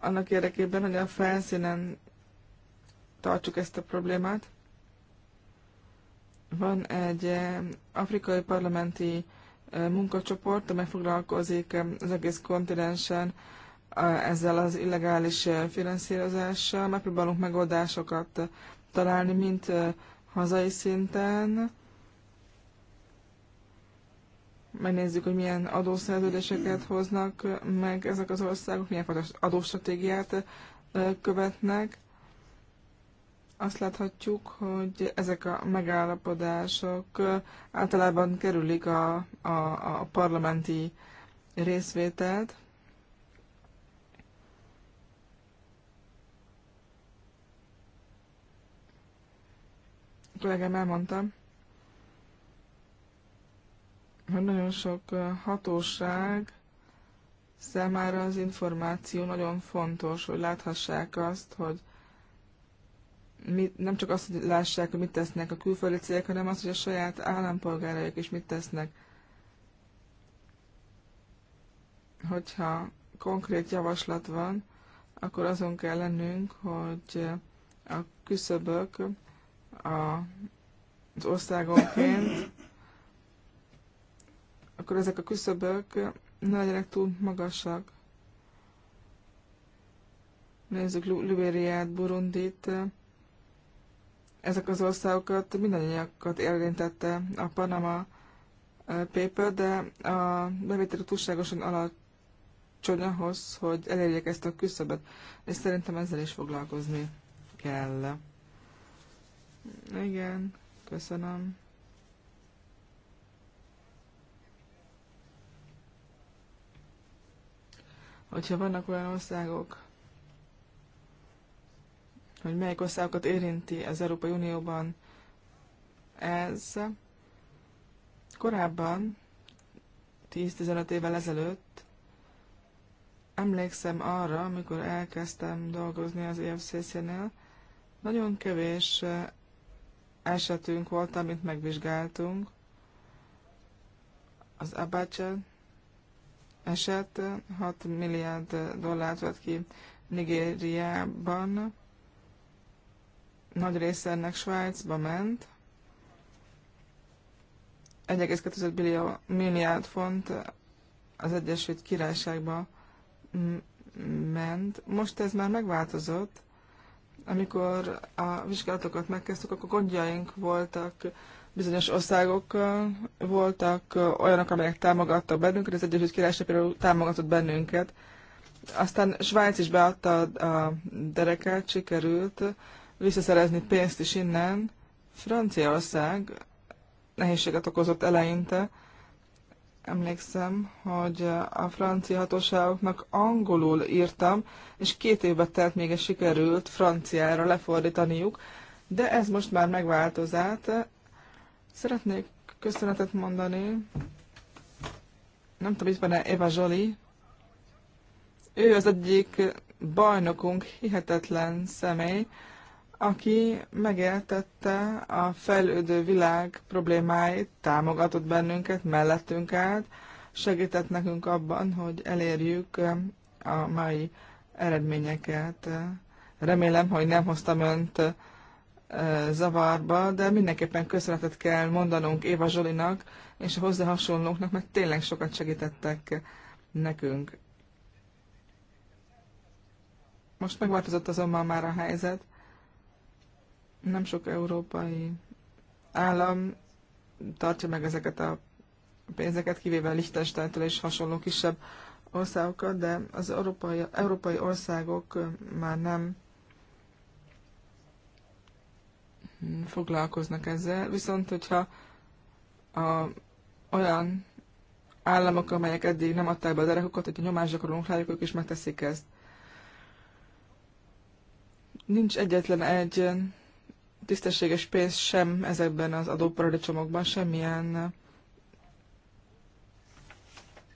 annak érdekében, hogy a felszínen tartsuk ezt a problémát. Van egy eh, afrikai parlamenti eh, munkacsoport, amely foglalkozik eh, az egész kontinensen ezzel az illegális finanszírozással. Megpróbálunk megoldásokat találni, mint hazai szinten, megnézzük, hogy milyen adószerződéseket hoznak meg ezek az országok, milyen fontos adóstratégiát követnek. Azt láthatjuk, hogy ezek a megállapodások általában kerülik a, a, a parlamenti részvételt, kollégám elmondta, hogy nagyon sok hatóság számára az információ nagyon fontos, hogy láthassák azt, hogy mit, nem csak azt, hogy lássák, hogy mit tesznek a külföldi cégek, hanem azt, hogy a saját állampolgáraik is mit tesznek. Hogyha konkrét javaslat van, akkor azon kell lennünk, hogy a küszöbök a, az országonként akkor ezek a küszöbök ne legyenek túl magasak. Nézzük Libériát, Burundit. Ezek az országokat mindannyiakat érintette a Panama Paper, de a bevétel túlságosan alacsony ahhoz, hogy elérjék ezt a küszöbet, és szerintem ezzel is foglalkozni kell. Igen, köszönöm. hogyha vannak olyan országok, hogy melyik országokat érinti az Európai Unióban ez, korábban, 10-15 évvel ezelőtt, emlékszem arra, amikor elkezdtem dolgozni az EFCC-nél, nagyon kevés esetünk volt, amit megvizsgáltunk. Az Abacsa eset, 6 milliárd dollárt vett ki Nigériában, nagy része ennek Svájcba ment, 1,2 billió, milliárd font az Egyesült Királyságba ment. Most ez már megváltozott. Amikor a vizsgálatokat megkezdtük, akkor gondjaink voltak Bizonyos országok voltak olyanok, amelyek támogattak bennünket, az Egyesült Királyság például támogatott bennünket. Aztán Svájc is beadta a derekát, sikerült visszaszerezni pénzt is innen. Franciaország nehézséget okozott eleinte. Emlékszem, hogy a francia hatóságoknak angolul írtam, és két évbe telt még sikerült franciára lefordítaniuk, de ez most már megváltozott, Szeretnék köszönetet mondani. Nem tudom, itt van-e Eva Zsoli. Ő az egyik bajnokunk, hihetetlen személy, aki megértette a fejlődő világ problémáit, támogatott bennünket, mellettünk állt, segített nekünk abban, hogy elérjük a mai eredményeket. Remélem, hogy nem hoztam önt zavarba, de mindenképpen köszönetet kell mondanunk Éva Zsolinak és a hozzá hasonlóknak, mert tényleg sokat segítettek nekünk. Most megváltozott azonban már a helyzet. Nem sok európai állam tartja meg ezeket a pénzeket, kivéve Liechtensteintől és hasonló kisebb országokat, de az európai, európai országok már nem foglalkoznak ezzel, viszont hogyha a, olyan államok, amelyek eddig nem adták be a hogy hogyha nyomást gyakorolunk rájuk, ők is megteszik ezt. Nincs egyetlen egy tisztességes pénz sem ezekben az adóparadicsomokban, semmilyen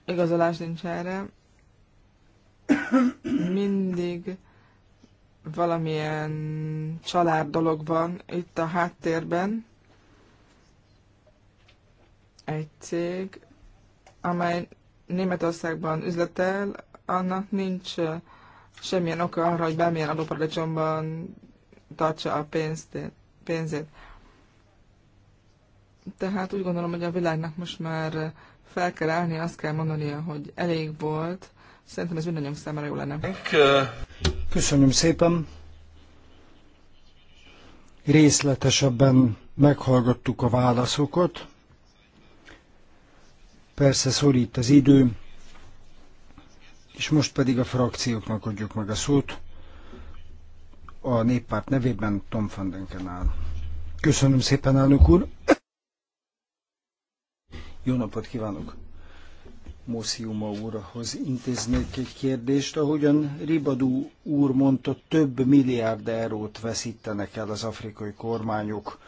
igazolás nincs erre. Mindig valamilyen család dolog van itt a háttérben. Egy cég, amely Németországban üzletel, annak nincs semmilyen oka arra, hogy bármilyen adóparadicsomban tartsa a pénzt, pénzét. Tehát úgy gondolom, hogy a világnak most már fel kell állni, azt kell mondania, hogy elég volt. Szerintem ez mindannyiunk számára jó lenne. Köszönöm szépen. Részletesebben meghallgattuk a válaszokat. Persze szorít az idő, és most pedig a frakcióknak adjuk meg a szót. A néppárt nevében Tom van Denken áll. Köszönöm szépen, elnök úr! Jó napot kívánok! Mosziuma úrhoz intéznék egy kérdést. Ahogyan Ribadú úr mondta, több milliárd eurót veszítenek el az afrikai kormányok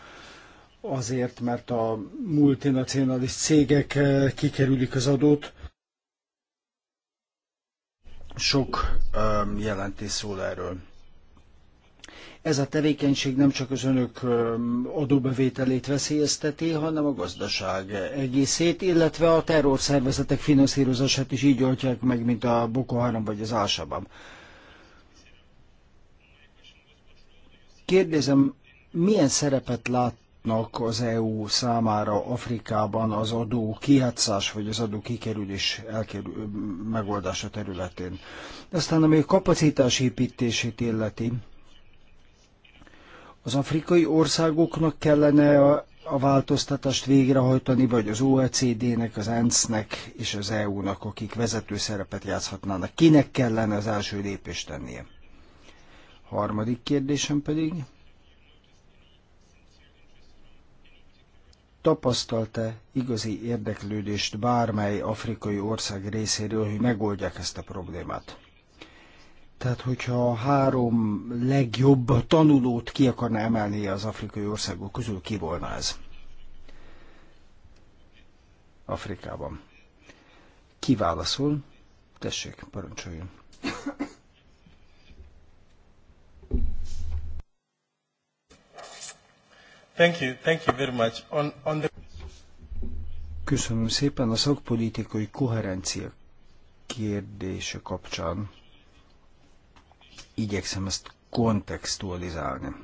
azért, mert a multinacionalis cégek eh, kikerülik az adót. Sok eh, jelentés szól erről. Ez a tevékenység nem csak az önök adóbevételét veszélyezteti, hanem a gazdaság egészét, illetve a terrorszervezetek finanszírozását is így oltják meg, mint a Boko Haram vagy az al Kérdezem, milyen szerepet látnak az EU számára Afrikában az adó kijátszás vagy az adó kikerülés elkerül, megoldása területén? Aztán ami a kapacitás építését illeti, az afrikai országoknak kellene a, a változtatást végrehajtani, vagy az OECD-nek, az ENSZ-nek és az EU-nak, akik vezető szerepet játszhatnának. Kinek kellene az első lépést tennie? Harmadik kérdésem pedig. Tapasztalta igazi érdeklődést bármely afrikai ország részéről, hogy megoldják ezt a problémát? Tehát, hogyha a három legjobb tanulót ki akarná emelni az afrikai országok közül, ki volna ez? Afrikában. Ki válaszol? Tessék, parancsoljon. Thank you, thank you very much. On, on the... Köszönöm szépen a szakpolitikai koherencia kérdése kapcsán igyekszem ezt kontextualizálni.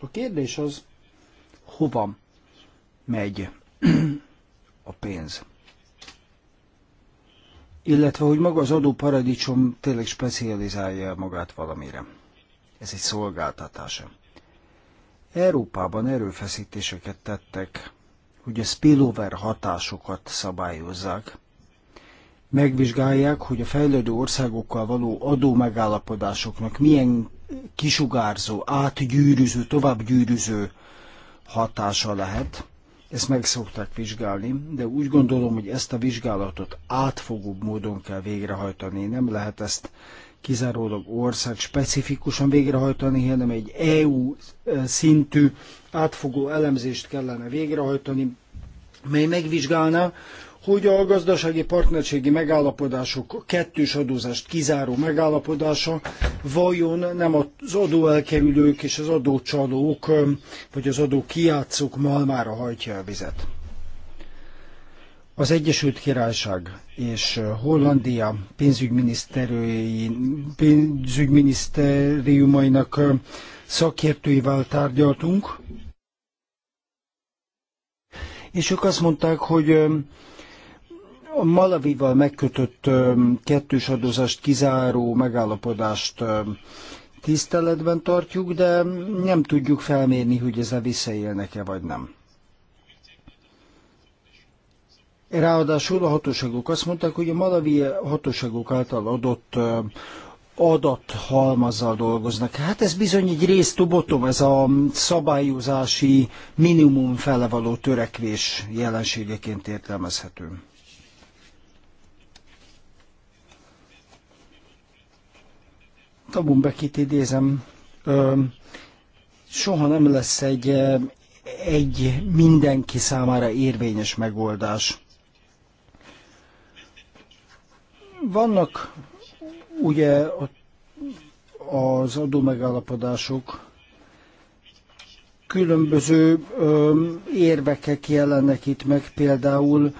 A kérdés az, hova megy <clears throat> a pénz? Illetve, hogy maga az adóparadicsom tényleg specializálja magát valamire. Ez egy szolgáltatása. Európában erőfeszítéseket tettek, hogy a spillover hatásokat szabályozzák, megvizsgálják, hogy a fejlődő országokkal való adó megállapodásoknak milyen kisugárzó, átgyűrűző, továbbgyűrűző hatása lehet. Ezt meg szokták vizsgálni, de úgy gondolom, hogy ezt a vizsgálatot átfogóbb módon kell végrehajtani. Nem lehet ezt kizárólag ország specifikusan végrehajtani, hanem egy EU szintű átfogó elemzést kellene végrehajtani, mely megvizsgálna? hogy a gazdasági partnerségi megállapodások kettős adózást kizáró megállapodása vajon nem az adóelkerülők és az adócsalók vagy az adókiátszók malmára hajtja a vizet. Az Egyesült Királyság és Hollandia pénzügyminisztériumainak szakértőivel tárgyaltunk, és ők azt mondták, hogy a Malavival megkötött kettős adózást kizáró megállapodást tiszteletben tartjuk, de nem tudjuk felmérni, hogy ezzel visszaélnek-e vagy nem. Ráadásul a hatóságok azt mondták, hogy a malavi hatóságok által adott adathalmazzal dolgoznak. Hát ez bizony egy rész tubotom, ez a szabályozási minimum felevaló törekvés jelenségeként értelmezhető. Tabumbekit idézem, ö, soha nem lesz egy, egy mindenki számára érvényes megoldás. Vannak ugye az adómegállapodások, különböző ö, érvekek jelennek itt meg, például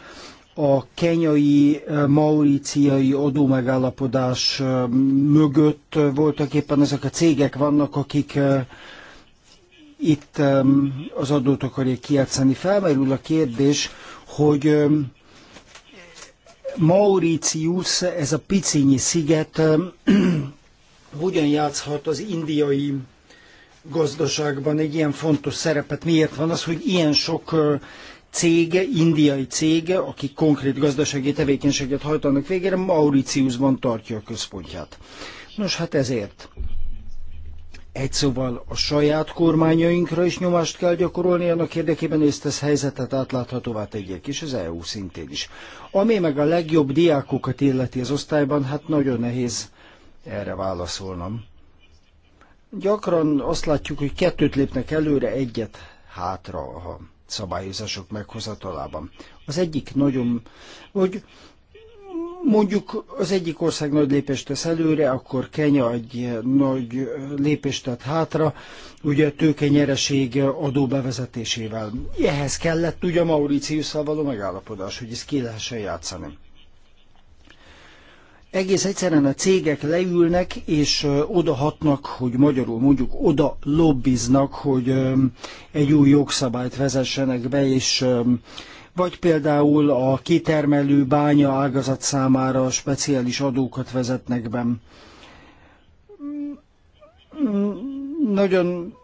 a kenyai, eh, mauriciai adómegállapodás eh, mögött voltak éppen ezek a cégek vannak, akik eh, itt az adót akarják kijátszani. Felmerül a kérdés, hogy Mauritius, ez a picinyi sziget, <clears throat> hogyan játszhat az indiai gazdaságban egy ilyen fontos szerepet? Miért van az, hogy ilyen sok cég, indiai cég, akik konkrét gazdasági tevékenységet hajtanak végére, Mauritiusban tartja a központját. Nos, hát ezért egy szóval a saját kormányainkra is nyomást kell gyakorolni annak érdekében, hogy ezt a helyzetet átláthatóvá tegyék, és az EU szintén is. Ami meg a legjobb diákokat illeti az osztályban, hát nagyon nehéz erre válaszolnom. Gyakran azt látjuk, hogy kettőt lépnek előre, egyet hátra, ha szabályozások meghozatalában. Az egyik nagyon, hogy mondjuk az egyik ország nagy lépést tesz előre, akkor Kenya egy nagy lépést tett hátra, ugye tőke nyereség adó bevezetésével. Ehhez kellett ugye Mauritiusszal való megállapodás, hogy ezt ki lehessen játszani egész egyszerűen a cégek leülnek és odahatnak, hogy magyarul mondjuk oda lobbiznak, hogy egy új jogszabályt vezessenek be, és vagy például a kitermelő bánya ágazat számára speciális adókat vezetnek be. Nagyon,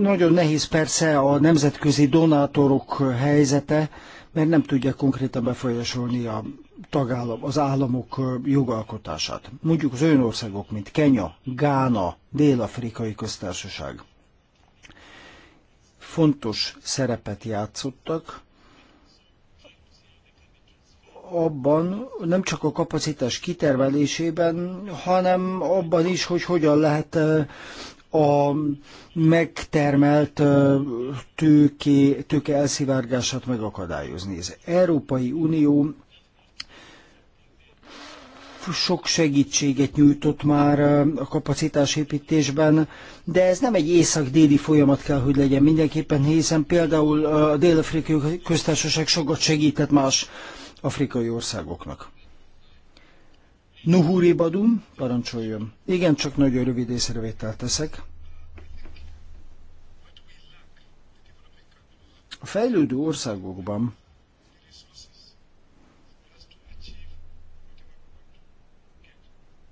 nagyon nehéz persze a nemzetközi donátorok helyzete, mert nem tudja konkrétan befolyásolni a tagállam, az államok jogalkotását. Mondjuk az olyan országok, mint Kenya, Gána, Dél-Afrikai Köztársaság fontos szerepet játszottak, abban, nem csak a kapacitás kitermelésében, hanem abban is, hogy hogyan lehet a megtermelt tőké, tőke elszivárgását megakadályozni. Az Európai Unió sok segítséget nyújtott már a kapacitásépítésben, de ez nem egy észak-déli folyamat kell, hogy legyen mindenképpen, hiszen például a Dél-Afrikai Köztársaság sokat segített más afrikai országoknak. Nuhuri Badum, parancsoljon. Igen, csak nagyon rövid észrevételt teszek. A fejlődő országokban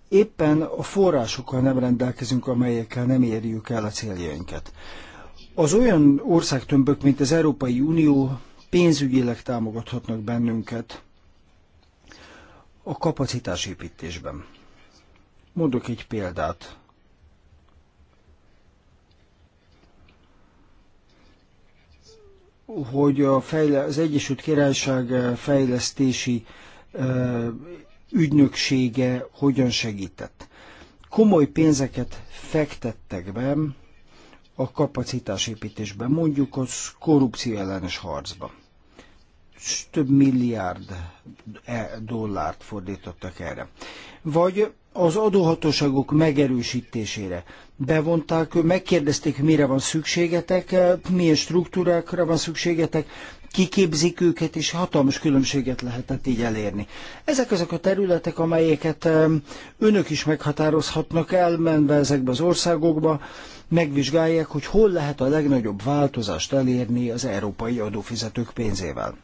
éppen a forrásokkal nem rendelkezünk, amelyekkel nem érjük el a céljainkat. Az olyan országtömbök, mint az Európai Unió pénzügyileg támogathatnak bennünket, a kapacitásépítésben. Mondok egy példát. hogy a fejle- az Egyesült Királyság eh, fejlesztési ö, eh, ügynöksége hogyan segített. Komoly pénzeket fektettek be a kapacitásépítésben, mondjuk az korrupció ellenes harcba több milliárd e dollárt fordítottak erre. Vagy az adóhatóságok megerősítésére. Bevonták, megkérdezték, mire van szükségetek, milyen struktúrákra van szükségetek, kiképzik őket, és hatalmas különbséget lehetett így elérni. Ezek azok a területek, amelyeket önök is meghatározhatnak menve ezekbe az országokba, megvizsgálják, hogy hol lehet a legnagyobb változást elérni az európai adófizetők pénzével.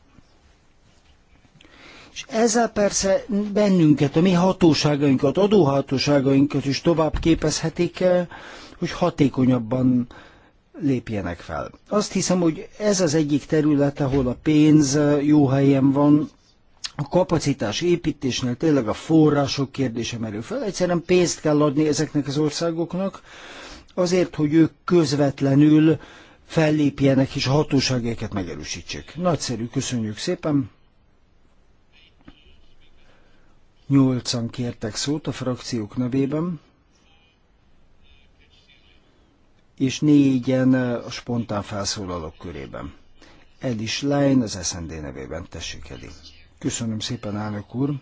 És ezzel persze bennünket, a mi hatóságainkat, adóhatóságainkat is tovább képezhetik, eh, hogy hatékonyabban lépjenek fel. Azt hiszem, hogy ez az egyik terület, ahol a pénz eh, jó helyen van, a kapacitás építésnél tényleg a források kérdése merül fel. Egyszerűen pénzt kell adni ezeknek az országoknak, azért, hogy ők közvetlenül fellépjenek és hatóságaikat megerősítsék. Nagyszerű, köszönjük szépen! Nyolcan kértek szót a frakciók nevében, és négyen a spontán felszólalók körében. Ed is Lein az SND nevében tessék, Edi. Köszönöm szépen, elnök úr.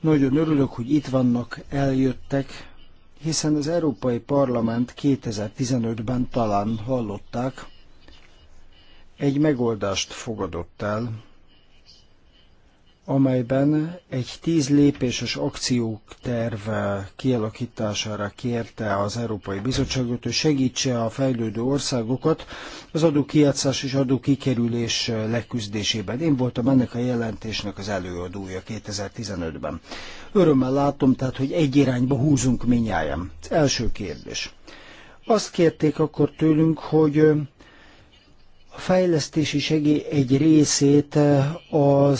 Nagyon örülök, hogy itt vannak, eljöttek, hiszen az Európai Parlament 2015-ben talán hallották, egy megoldást fogadott el amelyben egy tíz lépéses akcióterv kialakítására kérte az Európai Bizottságot, hogy segítse a fejlődő országokat az adókijátszás és adókikerülés leküzdésében. Én voltam ennek a jelentésnek az előadója 2015-ben. Örömmel látom tehát, hogy egy irányba húzunk minnyáján. Első kérdés. Azt kérték akkor tőlünk, hogy a fejlesztési segély egy részét eh, a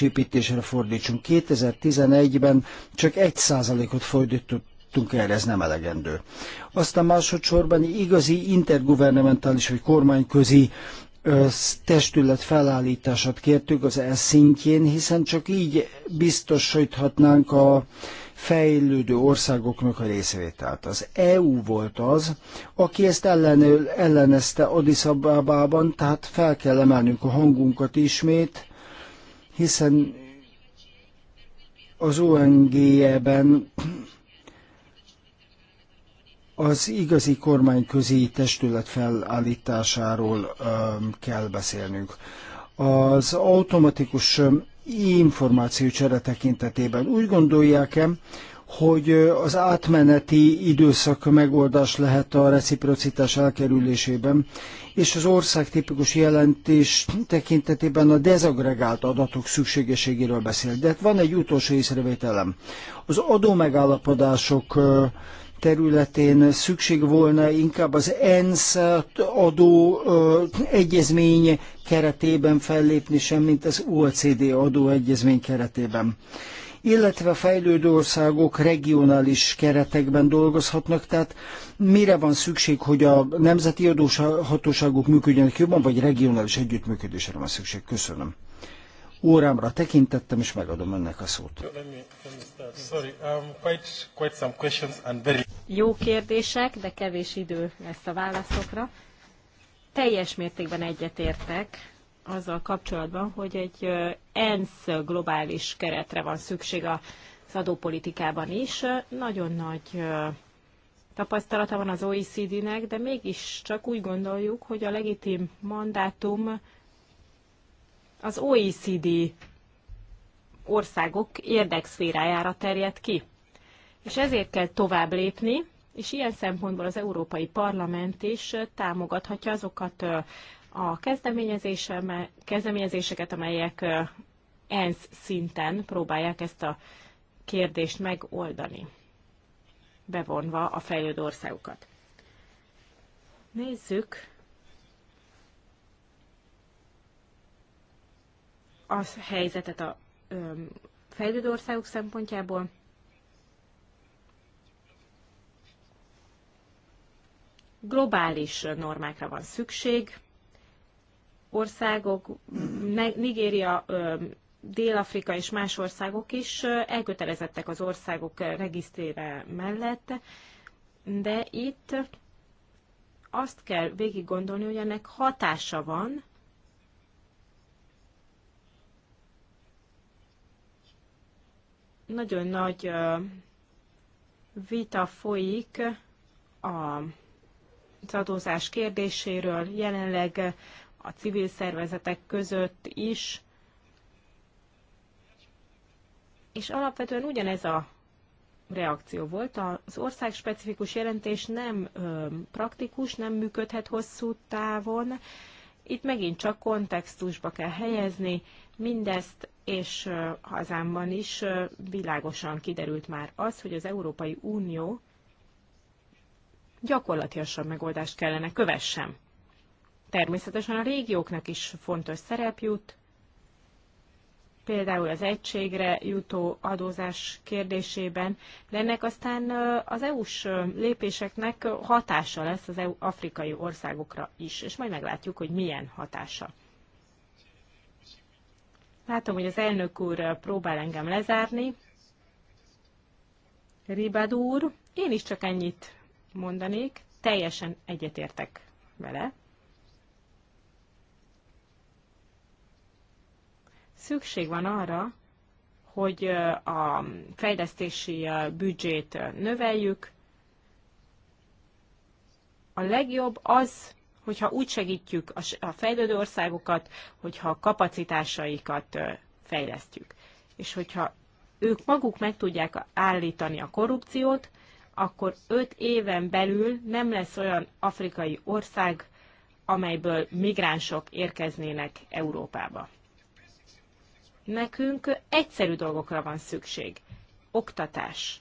építésre fordítsunk. 2011-ben csak 1%-ot fordítottunk erre, ez nem elegendő. Aztán másodszorban igazi intergovernamentális vagy kormányközi eh, testület felállítását kértük az ESZ szintjén, hiszen csak így biztosíthatnánk a fejlődő országoknak a részvételt. Az EU volt az, aki ezt ellenül, ellenezte Addis Ababában, tehát fel kell emelnünk a hangunkat ismét, hiszen az ONG-ben az igazi kormányközi testület felállításáról um, kell beszélnünk. Az automatikus információcsere tekintetében. Úgy gondolják-e, hogy az átmeneti időszak megoldás lehet a reciprocitás elkerülésében, és az ország tipikus jelentés tekintetében a dezagregált adatok szükségességéről beszél. De hát van egy utolsó észrevételem. Az adómegállapodások területén szükség volna inkább az ENSZ adó egyezmény keretében fellépni, semmint az OECD adó egyezmény keretében illetve a fejlődő országok regionális keretekben dolgozhatnak, tehát mire van szükség, hogy a nemzeti adóhatóságok működjenek jobban, vagy regionális együttműködésre van szükség? Köszönöm órámra tekintettem, és megadom önnek a szót. Um, Jó kérdések, de kevés idő lesz a válaszokra. Teljes mértékben egyetértek azzal kapcsolatban, hogy egy ENSZ globális keretre van szükség az adópolitikában is. Nagyon nagy tapasztalata van az OECD-nek, de mégis csak úgy gondoljuk, hogy a legitim mandátum az OECD országok érdekszférájára terjed ki. És ezért kell tovább lépni, és ilyen szempontból az Európai Parlament is támogathatja azokat a kezdeményezéseket, amelyek ENSZ szinten próbálják ezt a kérdést megoldani, bevonva a fejlődő országokat. Nézzük a helyzetet a fejlődő országok szempontjából. Globális normákra van szükség. Országok, Nigéria, Dél-Afrika és más országok is elkötelezettek az országok regisztrére mellett, de itt azt kell végig gondolni, hogy ennek hatása van nagyon nagy vita folyik az adózás kérdéséről, jelenleg a civil szervezetek között is, és alapvetően ugyanez a reakció volt. Az ország specifikus jelentés nem ö, praktikus, nem működhet hosszú távon. Itt megint csak kontextusba kell helyezni mindezt és hazámban is világosan kiderült már az, hogy az Európai Unió gyakorlatilasabb megoldást kellene kövessem. Természetesen a régióknak is fontos szerep jut, például az egységre jutó adózás kérdésében, de ennek aztán az EU-s lépéseknek hatása lesz az EU afrikai országokra is, és majd meglátjuk, hogy milyen hatása. Látom, hogy az elnök úr eh, próbál engem lezárni. Ribad úr, én is csak ennyit mondanék, teljesen egyetértek vele. Szükség van arra, hogy eh, a fejlesztési eh, büdzsét növeljük. A legjobb az hogyha úgy segítjük a fejlődő országokat, hogyha a kapacitásaikat fejlesztjük. És hogyha ők maguk meg tudják állítani a korrupciót, akkor öt éven belül nem lesz olyan afrikai ország, amelyből migránsok érkeznének Európába. Nekünk egyszerű dolgokra van szükség. Oktatás,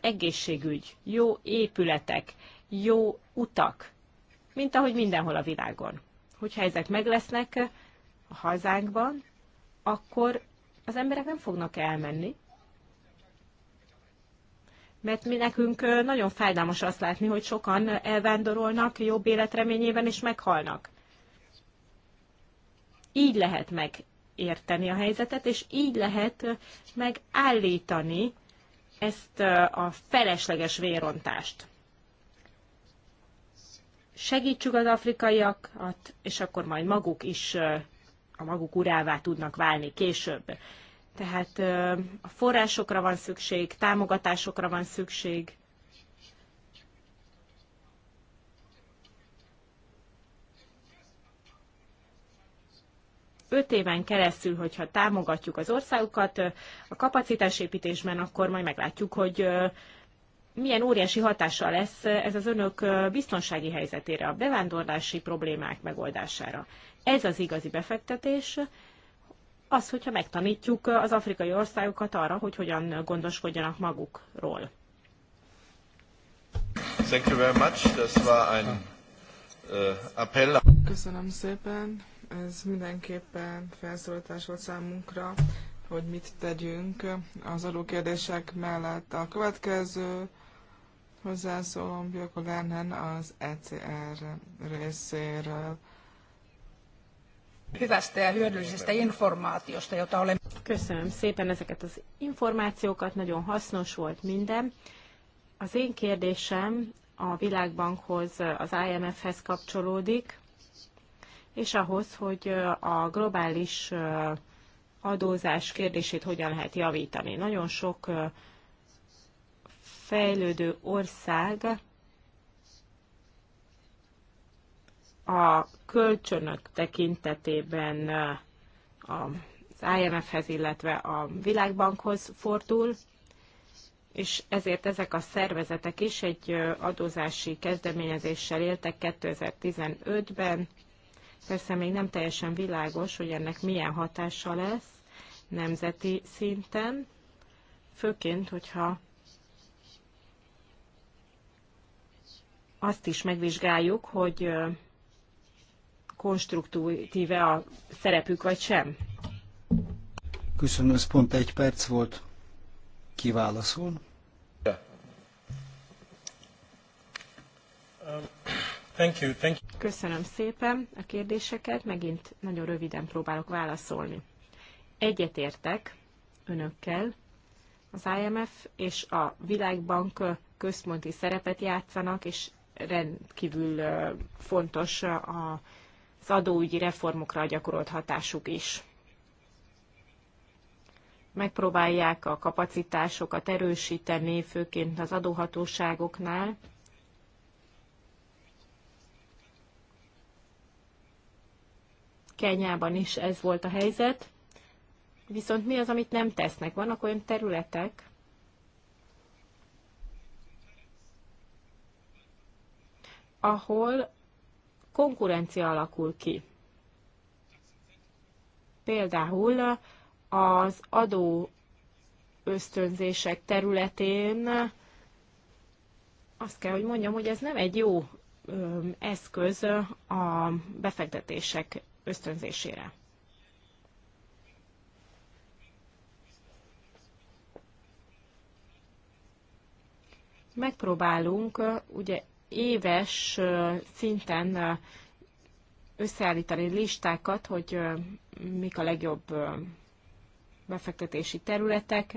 egészségügy, jó épületek, jó utak, mint ahogy mindenhol a világon. Hogyha ezek meg lesznek a hazánkban, akkor az emberek nem fognak elmenni, mert mi nekünk nagyon fájdalmas azt látni, hogy sokan elvándorolnak jobb életreményében és meghalnak. Így lehet megérteni a helyzetet, és így lehet megállítani ezt a felesleges vérontást segítsük az afrikaiakat, és akkor majd maguk is a maguk urává tudnak válni később. Tehát a forrásokra van szükség, támogatásokra van szükség. Öt éven keresztül, hogyha támogatjuk az országokat a kapacitásépítésben, akkor majd meglátjuk, hogy milyen óriási hatása lesz ez az önök biztonsági helyzetére, a bevándorlási problémák megoldására. Ez az igazi befektetés, az, hogyha megtanítjuk az afrikai országokat arra, hogy hogyan gondoskodjanak magukról. Thank you very much. Das war ein uh, Appell. Köszönöm szépen. Ez mindenképpen felszólítás volt számunkra, hogy mit tegyünk az adókérdések mellett. A következő Hozzászólom Björko Lernen az ECR részéről. Hyvästä ja hyödyllisestä informátiosta, jota Köszönöm szépen ezeket az információkat, nagyon hasznos volt minden. Az én kérdésem a Világbankhoz, az IMF-hez kapcsolódik, és ahhoz, hogy a globális adózás kérdését hogyan lehet javítani. Nagyon sok fejlődő ország a kölcsönök tekintetében eh, az IMF-hez, illetve a Világbankhoz fordul, és ezért ezek a szervezetek is egy eh, adózási kezdeményezéssel éltek 2015-ben. Persze még nem teljesen világos, hogy ennek milyen hatása lesz nemzeti szinten, főként, hogyha azt is megvizsgáljuk, hogy konstruktíve a szerepük, vagy sem. Köszönöm, ez pont egy perc volt. Kiválaszol. Um, thank you, thank you. Köszönöm szépen a kérdéseket, megint nagyon röviden próbálok válaszolni. Egyetértek önökkel, az IMF és a Világbank központi szerepet játszanak, és rendkívül fontos az adóügyi reformokra gyakorolt hatásuk is. Megpróbálják a kapacitásokat erősíteni, főként az adóhatóságoknál, Kenyában is ez volt a helyzet. Viszont mi az, amit nem tesznek? Vannak olyan területek, ahol konkurencia alakul ki. Például az adó ösztönzések területén azt kell, hogy mondjam, hogy ez nem egy jó eszköz a befektetések ösztönzésére. Megpróbálunk ugye éves szinten összeállítani listákat, hogy mik a legjobb befektetési területek,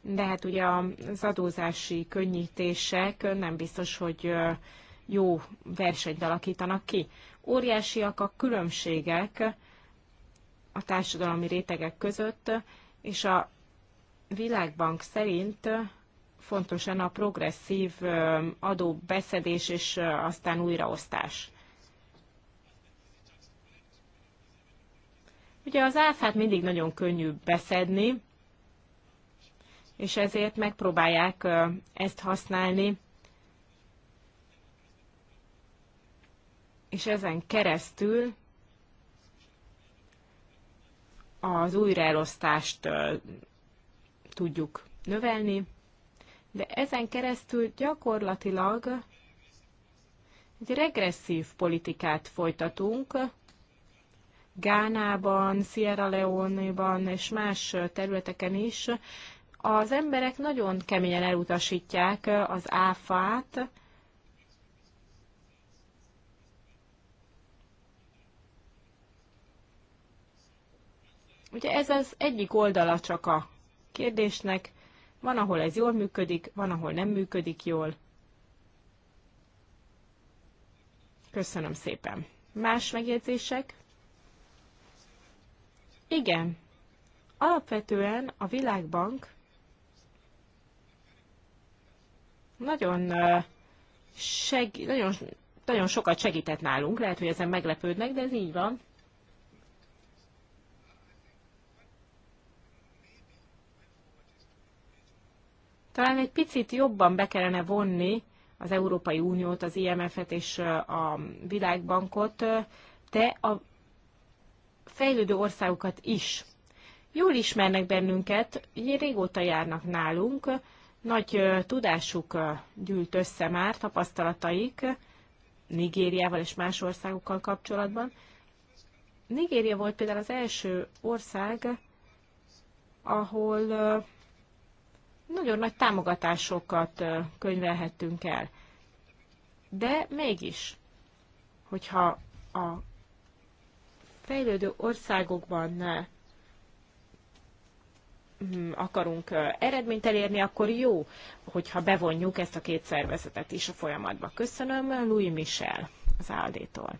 de hát ugye az adózási könnyítések nem biztos, hogy jó versenyt alakítanak ki. Óriásiak a különbségek a társadalmi rétegek között, és a Világbank szerint fontosan a progresszív adóbeszedés és aztán újraosztás. Ugye az áfát mindig nagyon könnyű beszedni, és ezért megpróbálják ezt használni, és ezen keresztül az újraelosztást tudjuk növelni de ezen keresztül gyakorlatilag egy regresszív politikát folytatunk, Gánában, Sierra Leone-ban és más területeken is, az emberek nagyon keményen elutasítják az áfát, Ugye ez az egyik oldala csak a kérdésnek, van, ahol ez jól működik, van, ahol nem működik jól. Köszönöm szépen. Más megjegyzések? Igen. Alapvetően a Világbank nagyon seg, nagyon, nagyon sokat segített nálunk, lehet, hogy ezen meglepődnek, de ez így van. Talán egy picit jobban be kellene vonni az Európai Uniót, az IMF-et és a Világbankot, de a fejlődő országokat is. Jól ismernek bennünket, régóta járnak nálunk, nagy tudásuk gyűlt össze már, tapasztalataik Nigériával és más országokkal kapcsolatban. Nigéria volt például az első ország, ahol nagyon nagy támogatásokat könyvelhettünk el. De mégis, hogyha a fejlődő országokban hm, akarunk eredményt elérni, akkor jó, hogyha bevonjuk ezt a két szervezetet is a folyamatba. Köszönöm Louis Michel az Áldétól.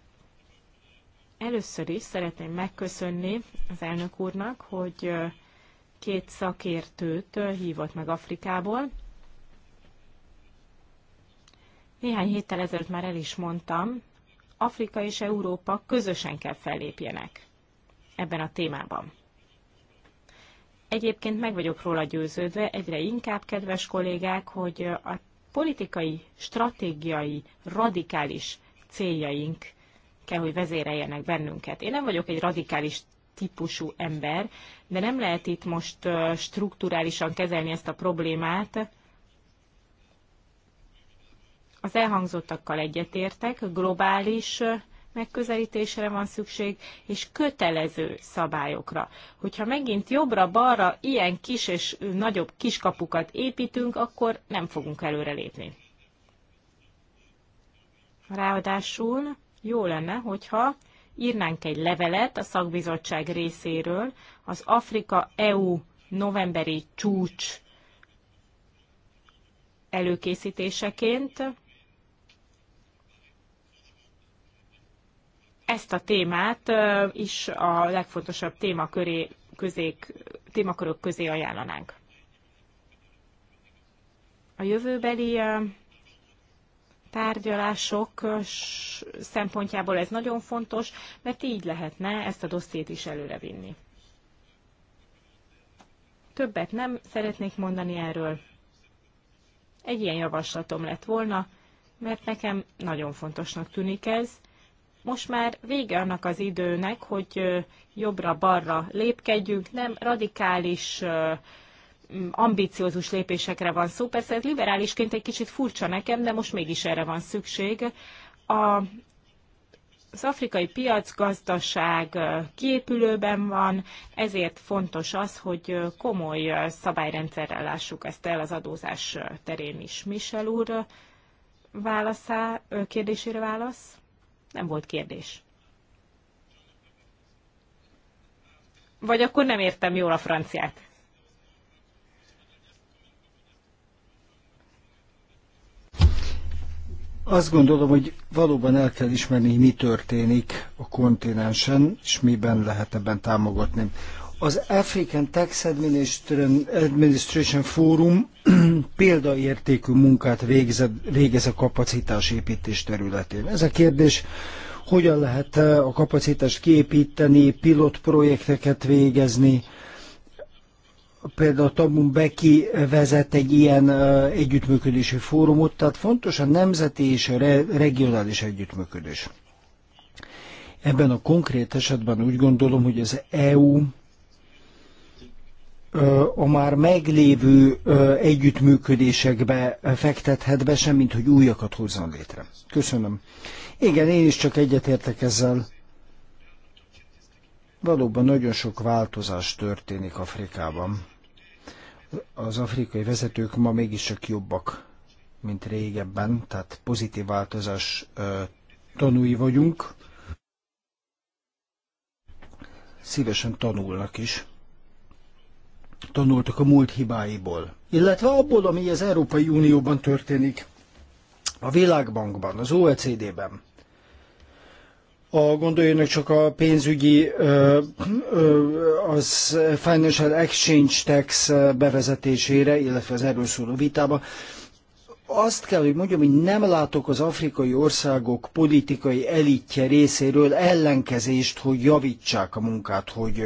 Először is szeretném megköszönni az elnök úrnak, hogy két szakértőt hívott meg Afrikából. Néhány héttel ezelőtt már el is mondtam, Afrika és Európa közösen kell fellépjenek ebben a témában. Egyébként meg vagyok róla győződve, egyre inkább, kedves kollégák, hogy a politikai, stratégiai, radikális céljaink kell, hogy vezéreljenek bennünket. Én nem vagyok egy radikális típusú ember, de nem lehet itt most strukturálisan kezelni ezt a problémát. Az elhangzottakkal egyetértek, globális megközelítésre van szükség, és kötelező szabályokra. Hogyha megint jobbra-balra ilyen kis és nagyobb kiskapukat építünk, akkor nem fogunk előrelépni. Ráadásul jó lenne, hogyha írnánk egy levelet a szakbizottság részéről az Afrika-EU novemberi csúcs előkészítéseként. Ezt a témát is a legfontosabb témaköré, közé, témakörök közé ajánlanánk. A jövőbeli tárgyalások szempontjából ez nagyon fontos, mert így lehetne ezt a dossziét is előrevinni. Többet nem szeretnék mondani erről. Egy ilyen javaslatom lett volna, mert nekem nagyon fontosnak tűnik ez. Most már vége annak az időnek, hogy jobbra-balra lépkedjünk, nem radikális ambiciózus lépésekre van szó. Persze ez liberálisként egy kicsit furcsa nekem, de most mégis erre van szükség. A, az afrikai piac gazdaság kiépülőben van, ezért fontos az, hogy komoly szabályrendszerrel lássuk ezt el az adózás terén is. Michel úr válaszá, kérdésére válasz? Nem volt kérdés. Vagy akkor nem értem jól a franciát. Azt gondolom, hogy valóban el kell ismerni, mi történik a kontinensen, és miben lehet ebben támogatni. Az African Tax Administration Forum <clears throat> példaértékű munkát végez, a a kapacitásépítés területén. Ez a kérdés, hogyan lehet a kapacitást kiépíteni, pilotprojekteket végezni, például Tabun Beki vezet egy ilyen együttműködési fórumot, tehát fontos a nemzeti és a regionális együttműködés. Ebben a konkrét esetben úgy gondolom, hogy az EU a már meglévő együttműködésekbe fektethet be, semmint hogy újakat hozzon létre. Köszönöm. Igen, én is csak egyetértek ezzel. Valóban nagyon sok változás történik Afrikában az afrikai vezetők ma mégiscsak jobbak, mint régebben, tehát pozitív változás tanúi vagyunk. Szívesen tanulnak is. Tanultak a múlt hibáiból, illetve abból, ami az Európai Unióban történik, a Világbankban, az OECD-ben a gondoljanak csak a pénzügyi, az Financial Exchange Tax bevezetésére, illetve az erről szóló vitába. Azt kell, hogy mondjam, hogy nem látok az afrikai országok politikai elitje részéről ellenkezést, hogy javítsák a munkát, hogy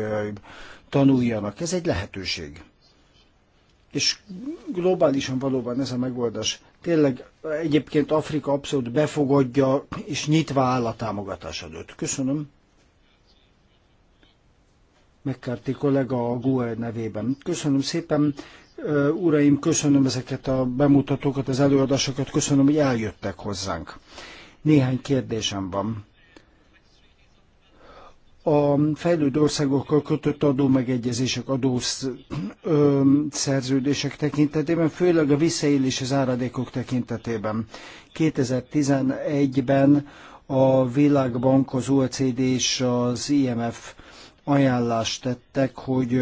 tanuljanak. Ez egy lehetőség és globálisan valóban ez a megoldás. Tényleg egyébként Afrika abszolút befogadja és nyitva áll a támogatás Köszönöm. Megkárti kollega a GUE nevében. Köszönöm szépen, uraim, köszönöm ezeket a bemutatókat, az előadásokat, köszönöm, hogy eljöttek hozzánk. Néhány kérdésem van a fejlődő országokkal kötött adómegegyezések, adószerződések tekintetében, főleg a visszaélés az áradékok tekintetében. 2011-ben a Világbank, az OECD és az IMF ajánlást tettek, hogy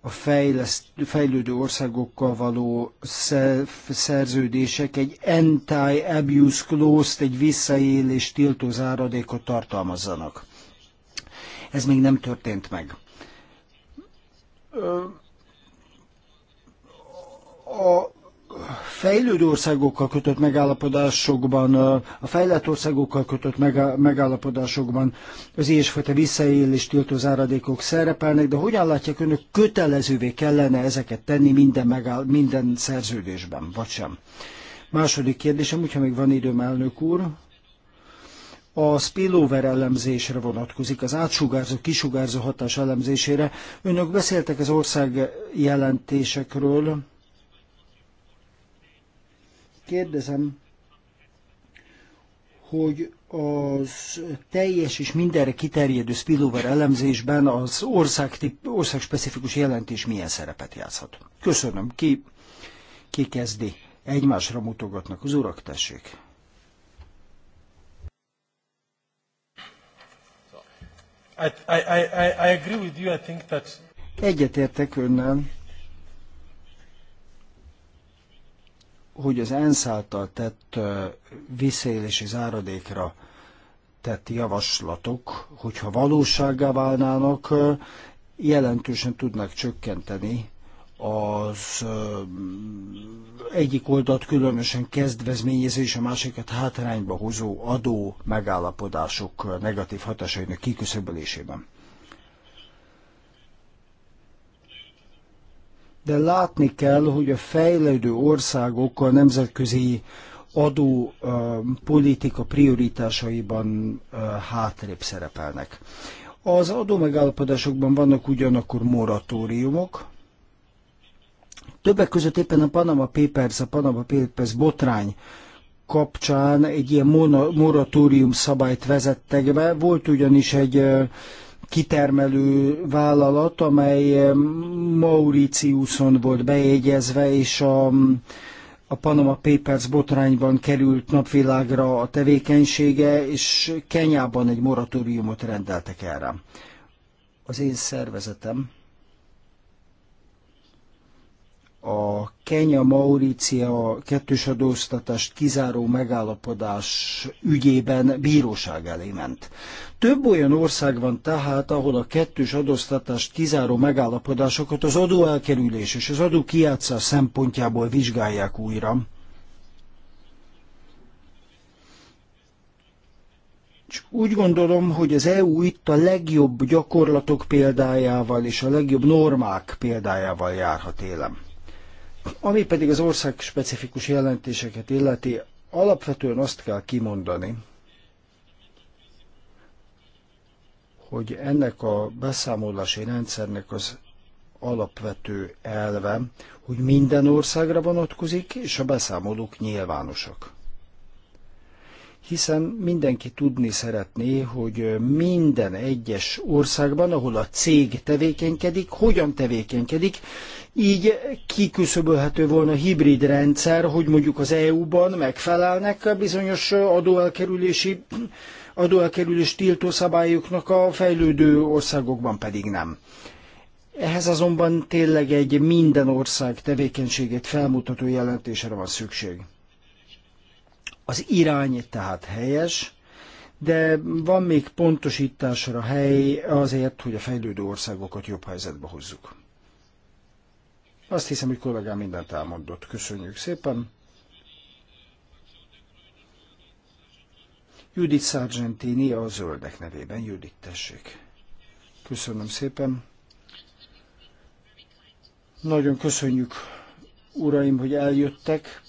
a fejlődő országokkal való szerződések egy anti-abuse clause-t, egy visszaélés tiltó záradékot tartalmazzanak. Ez még nem történt meg. A fejlődő országokkal kötött megállapodásokban, a fejlett országokkal kötött megállapodásokban az ilyesfajta visszaélés tiltó záradékok szerepelnek, de hogyan látják önök, kötelezővé kellene ezeket tenni minden, megáll, minden szerződésben, vagy sem? Második kérdésem, hogyha még van időm, elnök úr, a spillover elemzésre vonatkozik, az átsugárzó, kisugárzó hatás elemzésére. Önök beszéltek az ország jelentésekről. Kérdezem, hogy az teljes és mindenre kiterjedő spillover elemzésben az ország, ország specifikus jelentés milyen szerepet játszhat. Köszönöm. Ki, ki kezdi? Egymásra mutogatnak az urak, tessék. Egyetértek önnel, hogy az ENSZ által tett visszaélési záradékra tett javaslatok, hogyha valósággá válnának, jelentősen tudnak csökkenteni az egyik oldalt különösen kezdvezményező és a másikat hátrányba hozó adó megállapodások negatív hatásainak kiküszöbölésében. De látni kell, hogy a fejlődő országok a nemzetközi adópolitika prioritásaiban hátrébb szerepelnek. Az adómegállapodásokban vannak ugyanakkor moratóriumok, Többek között éppen a Panama Papers, a Panama Papers botrány kapcsán egy ilyen moratórium szabályt vezettek be. Volt ugyanis egy kitermelő vállalat, amely Mauritiuson volt bejegyezve, és a, a Panama Papers botrányban került napvilágra a tevékenysége, és Kenyában egy moratóriumot rendeltek erre. Az én szervezetem a Kenya-Mauricia kettős adóztatást kizáró megállapodás ügyében bíróság elé ment. Több olyan ország van tehát, ahol a kettős adóztatást kizáró megállapodásokat az adóelkerülés és az adó kijátszás szempontjából vizsgálják újra. úgy gondolom, hogy az EU itt a legjobb gyakorlatok példájával és a legjobb normák példájával járhat élem. Ami pedig az ország specifikus jelentéseket illeti, alapvetően azt kell kimondani, hogy ennek a beszámolási rendszernek az alapvető elve, hogy minden országra vonatkozik, és a beszámolók nyilvánosak hiszen mindenki tudni szeretné, hogy minden egyes országban, ahol a cég tevékenykedik, hogyan tevékenykedik, így kiküszöbölhető volna hibrid rendszer, hogy mondjuk az EU-ban megfelelnek a bizonyos adóelkerülési adóelkerülés tiltó szabályoknak a fejlődő országokban pedig nem. Ehhez azonban tényleg egy minden ország tevékenységét felmutató jelentésre van szükség. Az irány tehát helyes, de van még pontosításra hely azért, hogy a fejlődő országokat jobb helyzetbe hozzuk. Azt hiszem, hogy kollégám mindent elmondott. Köszönjük szépen. Judith Sargentini a zöldek nevében. Judith, tessék. Köszönöm szépen. Nagyon köszönjük, uraim, hogy eljöttek.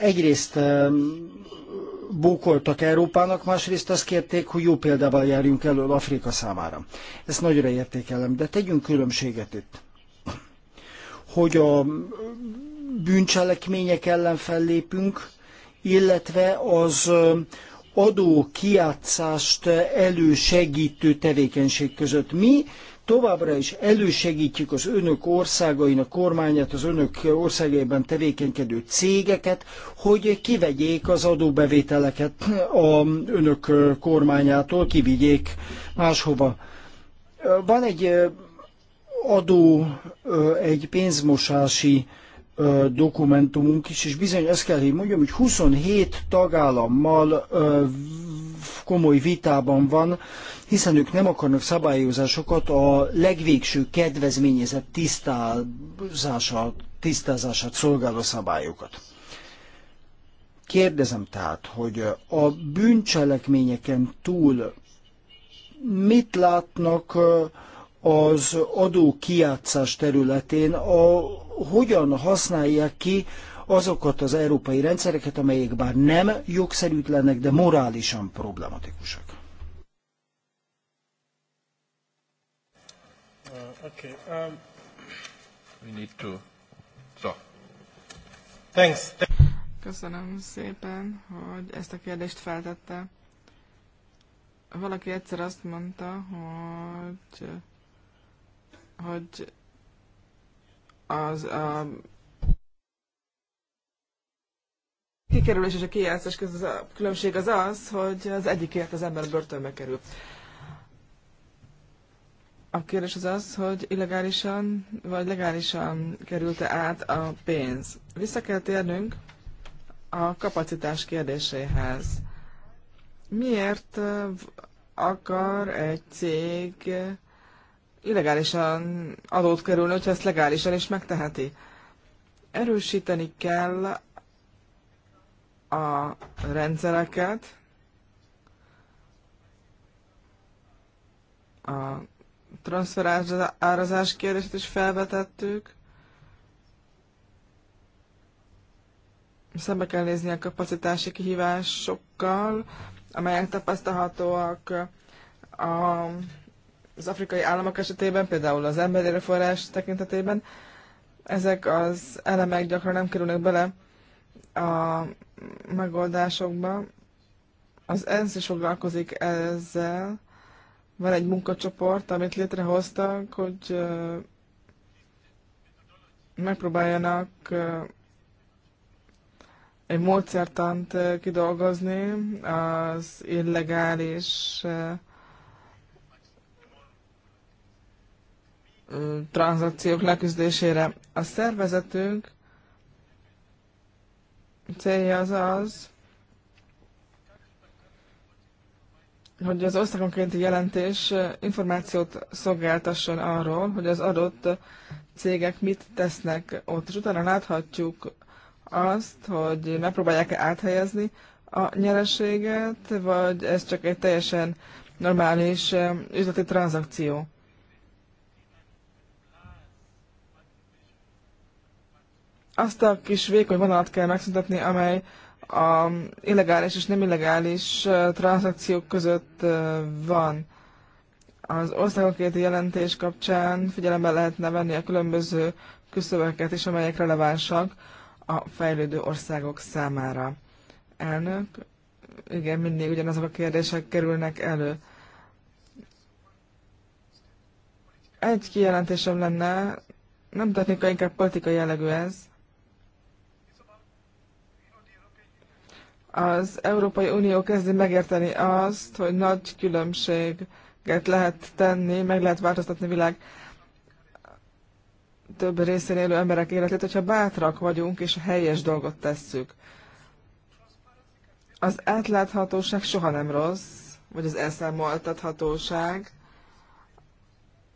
egyrészt bókoltak Európának, másrészt azt kérték, hogy jó példával járjunk elő Afrika számára. Ezt nagyra értékelem, de tegyünk különbséget itt. Hogy a bűncselekmények ellen fellépünk, illetve az adó kiátszást elősegítő tevékenység között. Mi továbbra is elősegítjük az önök országainak kormányát, az önök országaiban tevékenykedő cégeket, hogy kivegyék az adóbevételeket a önök kormányától, kivigyék máshova. Van egy adó, egy pénzmosási dokumentumunk is, és bizony ezt kell, hogy mondjam, hogy 27 tagállammal komoly vitában van, hiszen ők nem akarnak szabályozásokat a legvégső kedvezményezett tisztázását, tisztázását szolgáló szabályokat. Kérdezem tehát, hogy a bűncselekményeken túl mit látnak az adó kiátszás területén a, hogyan használják ki azokat az európai rendszereket, amelyek bár nem jogszerűtlenek, de morálisan problematikusak. Uh, okay, um, we need to... So. Thanks. Köszönöm szépen, hogy ezt a kérdést feltette. Valaki egyszer azt mondta, hogy hogy az a kikerülés és a kijátszás között a különbség az az, hogy az egyikért az ember börtönbe kerül. A kérdés az az, hogy illegálisan vagy legálisan került-e át a pénz. Vissza kell térnünk a kapacitás kérdéséhez. Miért eh, akar egy cég illegálisan adót kerülni, hogyha ezt legálisan is megteheti. Erősíteni kell a rendszereket, a transferárazás kérdését is felvetettük, szembe kell nézni a kapacitási kihívásokkal, amelyek tapasztalhatóak a az afrikai államok esetében, például az emberi erőforrás tekintetében, ezek az elemek gyakran nem kerülnek bele a megoldásokba. Az ENSZ is foglalkozik ezzel. Van egy munkacsoport, amit létrehoztak, hogy megpróbáljanak egy módszertant kidolgozni az illegális tranzakciók leküzdésére. A szervezetünk célja az az, hogy az országonkénti jelentés információt szolgáltasson arról, hogy az adott cégek mit tesznek ott, és utána láthatjuk azt, hogy megpróbálják-e áthelyezni a nyereséget, vagy ez csak egy teljesen normális üzleti tranzakció. azt a kis vékony vonalat kell megszüntetni, amely a illegális és nem illegális tranzakciók között van. Az országokért jelentés kapcsán figyelembe lehetne venni a különböző küszöböket is, amelyek relevánsak a fejlődő országok számára. Elnök, igen, mindig ugyanazok a kérdések kerülnek elő. Egy kijelentésem lenne, nem technika, inkább politikai jellegű ez. Az Európai Unió kezdi megérteni azt, hogy nagy különbséget lehet tenni, meg lehet változtatni világ több részén élő emberek életét, hogyha bátrak vagyunk és a helyes dolgot tesszük. Az átláthatóság soha nem rossz, vagy az elszámoltathatóság.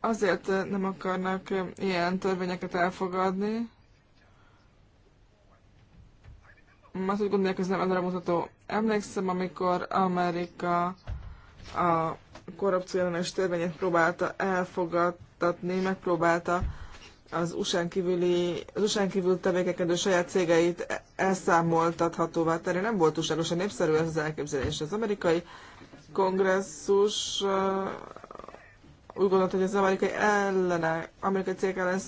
Azért nem akarnak ilyen törvényeket elfogadni, mert úgy gondolják, ez nem előre mutató. Emlékszem, amikor Amerika a korrupció ellenes törvényet próbálta elfogadtatni, megpróbálta az USA-n kívüli, az USA-n kívül tevékenykedő saját cégeit elszámoltathatóvá tenni. Nem volt túlságosan népszerű ez az elképzelés. Az amerikai kongresszus úgy gondolta, hogy az amerikai ellene, amerikai cég ellen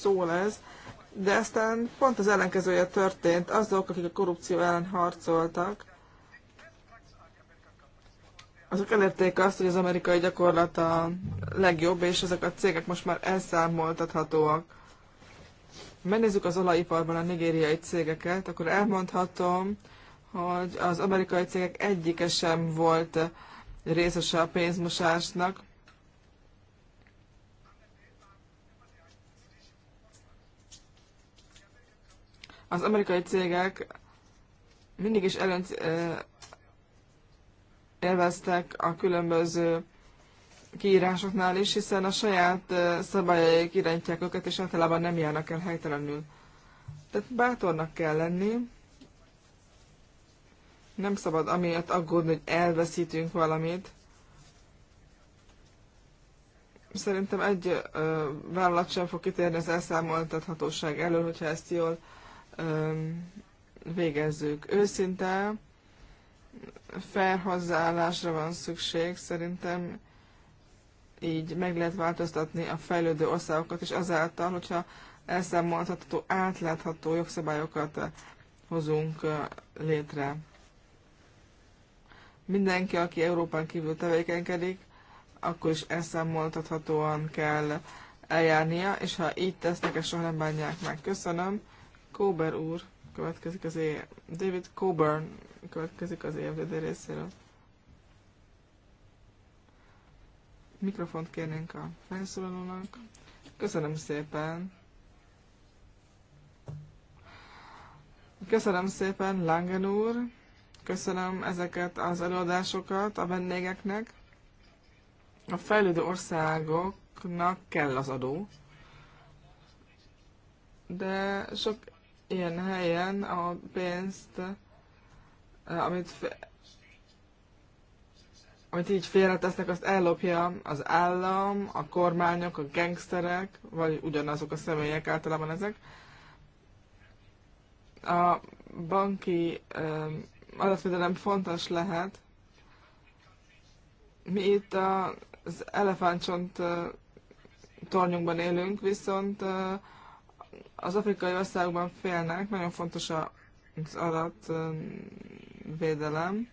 szól ez, de aztán pont az ellenkezője történt. Azok, akik a korrupció ellen harcoltak, azok elérték azt, hogy az amerikai gyakorlata a legjobb, és ezek a cégek most már elszámoltathatóak. Megnézzük az olajiparban a nigériai cégeket, akkor elmondhatom, hogy az amerikai cégek egyike sem volt részese a pénzmosásnak. az amerikai cégek mindig is előnyt élveztek a különböző kiírásoknál is, hiszen a saját szabályaik irányítják őket, és általában nem járnak el helytelenül. Tehát bátornak kell lenni, nem szabad amiatt aggódni, hogy elveszítünk valamit. Szerintem egy ö, vállalat sem fog kitérni az elszámoltathatóság elől, hogyha ezt jól végezzük. Őszinte felhozzáállásra van szükség, szerintem így meg lehet változtatni a fejlődő országokat, és azáltal, hogyha elszámolható, átlátható jogszabályokat hozunk létre. Mindenki, aki Európán kívül tevékenykedik, akkor is elszámoltathatóan kell eljárnia, és ha így tesznek, ezt soha nem bánják meg. Köszönöm. Coburn úr következik az év. David Coburn következik az de részéről. Mikrofont kérnénk a felszólalónak. Köszönöm szépen. Köszönöm szépen, Langen úr. Köszönöm ezeket az előadásokat a vendégeknek. A fejlődő országoknak kell az adó, de sok ilyen helyen a pénzt, eh, amit, amit így félretesznek, azt ellopja az állam, a kormányok, a gangsterek, vagy ugyanazok a személyek általában ezek. A banki adatvédelem fontos lehet. Mi itt az elefántcsont eh, tornyunkban élünk, viszont eh, az afrikai országokban félnek, nagyon fontos az adatvédelem.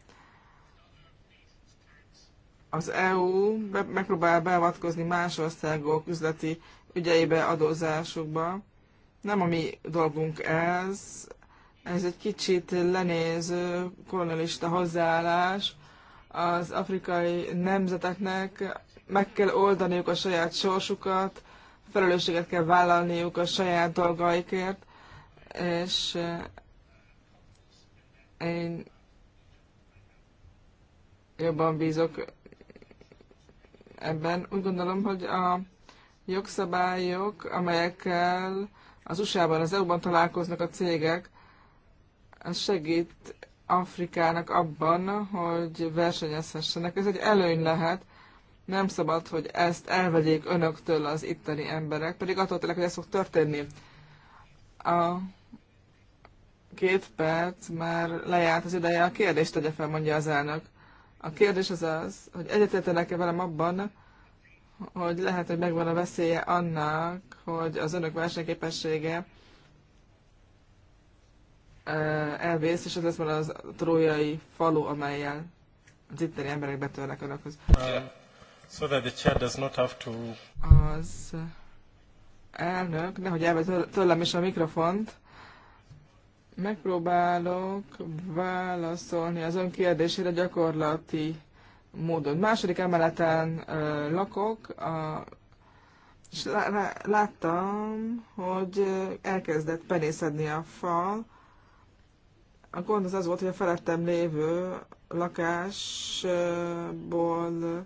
Az EU megpróbál beavatkozni más országok üzleti ügyeibe, adózásukba. Nem a mi dolgunk ez, ez egy kicsit lenéző kolonialista hozzáállás az afrikai nemzeteknek, meg kell oldaniuk a saját sorsukat, felelősséget kell vállalniuk a saját dolgaikért, és eh, én jobban bízok ebben. Úgy gondolom, hogy a jogszabályok, amelyekkel az USA-ban, az EU-ban találkoznak a cégek, az segít Afrikának abban, hogy versenyezhessenek. Ez egy előny lehet nem szabad, hogy ezt elvegyék önöktől az itteni emberek, pedig attól tényleg, hogy ez fog történni. A két perc már lejárt az ideje, a kérdést tegye fel, mondja az elnök. A kérdés az az, hogy egyetértenek-e velem abban, hogy lehet, hogy megvan a veszélye annak, hogy az önök versenyképessége elvész, és ez lesz már az trójai falu, amelyel az itteni emberek betörnek önökhöz. Yeah. So that the chair does not have to... Az elnök, nehogy elvett tőlem is a mikrofont. Megpróbálok válaszolni az ön kérdésére gyakorlati módon. Második emeleten ö, lakok, a, és lá, láttam, hogy elkezdett penészedni a fal. A gond az az volt, hogy a felettem lévő lakásból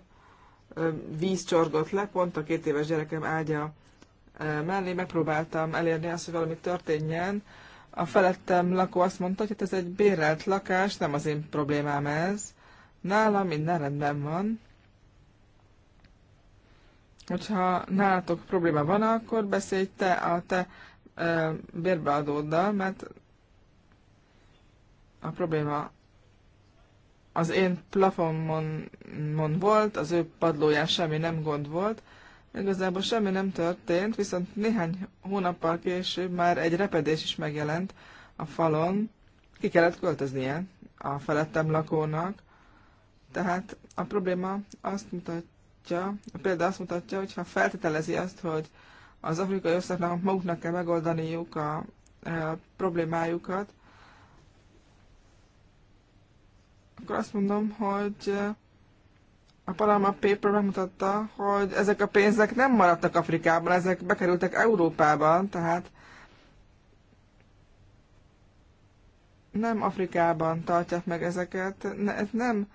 víz csorgott le, pont a két éves gyerekem ágya mellé megpróbáltam elérni azt, hogy valami történjen. A felettem lakó azt mondta, hogy hát ez egy bérelt lakás, nem az én problémám ez. Nálam minden rendben van. Hogyha nálatok probléma van, akkor beszélj te a te bérbeadóddal, mert a probléma az én plafonmon volt, az ő padlóján semmi nem gond volt, igazából semmi nem történt, viszont néhány hónappal később már egy repedés is megjelent a falon, ki kellett költöznie a felettem lakónak, tehát a probléma azt mutatja, a példa azt mutatja, hogy ha feltételezi azt, hogy az afrikai országnak maguknak kell megoldaniuk a, a problémájukat, akkor azt mondom, hogy eh, a Panama Paper megmutatta, hogy ezek a pénzek nem maradtak Afrikában, ezek bekerültek Európában, tehát nem Afrikában tartják meg ezeket. ez nem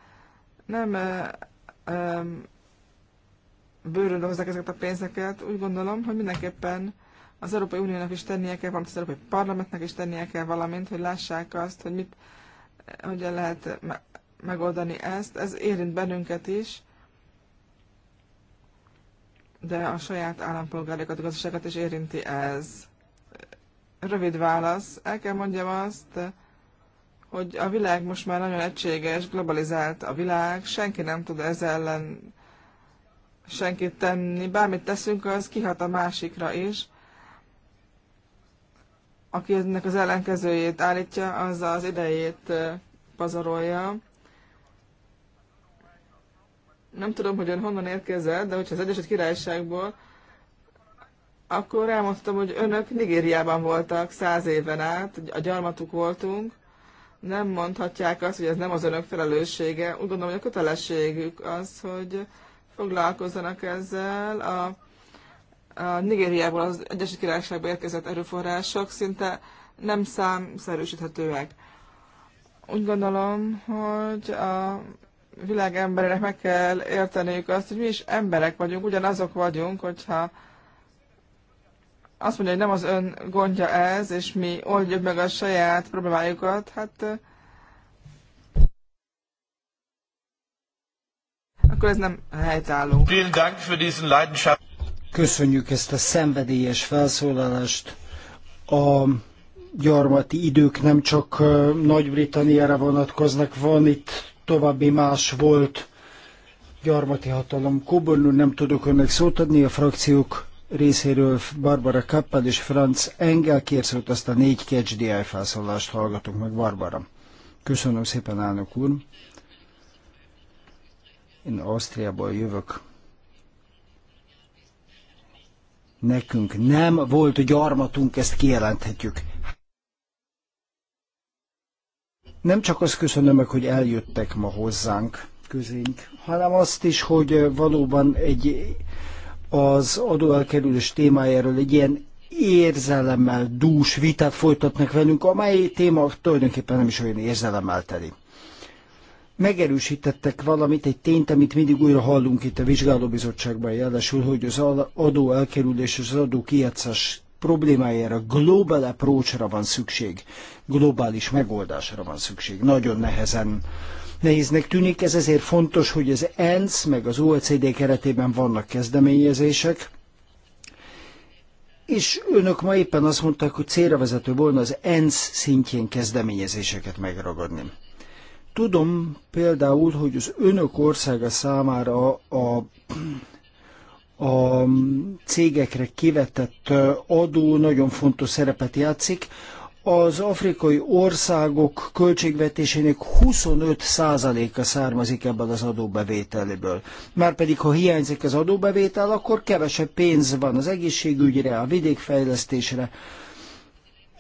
nem e, bőrön hozzák ezeket a pénzeket. Úgy gondolom, hogy mindenképpen az Európai Uniónak is tennie kell valamit, az Európai Parlamentnek is tennie kell valamint, hogy lássák azt, hogy mit, hogyan lehet megoldani ezt. Ez érint bennünket is, de a saját állampolgárokat, gazdaságot is érinti ez. Rövid válasz. El kell mondjam azt, hogy a világ most már nagyon egységes, globalizált a világ, senki nem tud ez ellen senkit tenni, bármit teszünk, az kihat a másikra is. Aki ennek az ellenkezőjét állítja, az az idejét pazarolja nem tudom, hogy ön honnan érkezett, de hogyha az Egyesült Királyságból, akkor elmondtam, hogy önök Nigériában voltak száz éven át, a gyarmatuk voltunk. Nem mondhatják azt, hogy ez nem az önök felelőssége. Úgy gondolom, hogy a kötelességük az, hogy foglalkozzanak ezzel. A, a Nigériából az Egyesült Királyságba érkezett erőforrások szinte nem számszerűsíthetőek. Úgy gondolom, hogy a világ emberének meg kell érteniük azt, hogy mi is emberek vagyunk, ugyanazok vagyunk, hogyha azt mondja, hogy nem az ön gondja ez, és mi oldjuk meg a saját problémájukat, hát akkor ez nem helytálló. Köszönjük ezt a szenvedélyes felszólalást. A gyarmati idők nem csak Nagy-Britanniára vonatkoznak, van itt további más volt gyarmati hatalom. Kóbornő nem tudok önnek szót adni, a frakciók részéről Barbara Kappel és Franz Engel kérszót, azt a négy KDI felszólást hallgatunk meg, Barbara. Köszönöm szépen, elnök úr. Én Ausztriából jövök. Nekünk nem volt gyarmatunk, ezt kijelenthetjük. Nem csak azt köszönöm meg, hogy eljöttek ma hozzánk, közénk, hanem azt is, hogy valóban egy az adóelkerülés témájáról egy ilyen érzelemmel dús vitát folytatnak velünk, amely téma tulajdonképpen nem is olyan érzelemmel teli. Megerősítettek valamit, egy tényt, amit mindig újra hallunk itt a vizsgálóbizottságban jelesül, hogy az adó elkerülés és az adó kijátszás problémájára global approachra van szükség, globális megoldásra van szükség. Nagyon nehezen nehéznek tűnik, ez ezért fontos, hogy az ENSZ meg az OECD keretében vannak kezdeményezések, és önök ma éppen azt mondták, hogy célra vezető volna az ENSZ szintjén kezdeményezéseket megragadni. Tudom például, hogy az önök országa számára a a mm, cégekre kivetett adó nagyon fontos szerepet játszik. Az afrikai országok költségvetésének 25%-a származik ebből az adóbevételből. Márpedig, ha hiányzik az adóbevétel, akkor kevesebb pénz van az egészségügyre, a vidékfejlesztésre,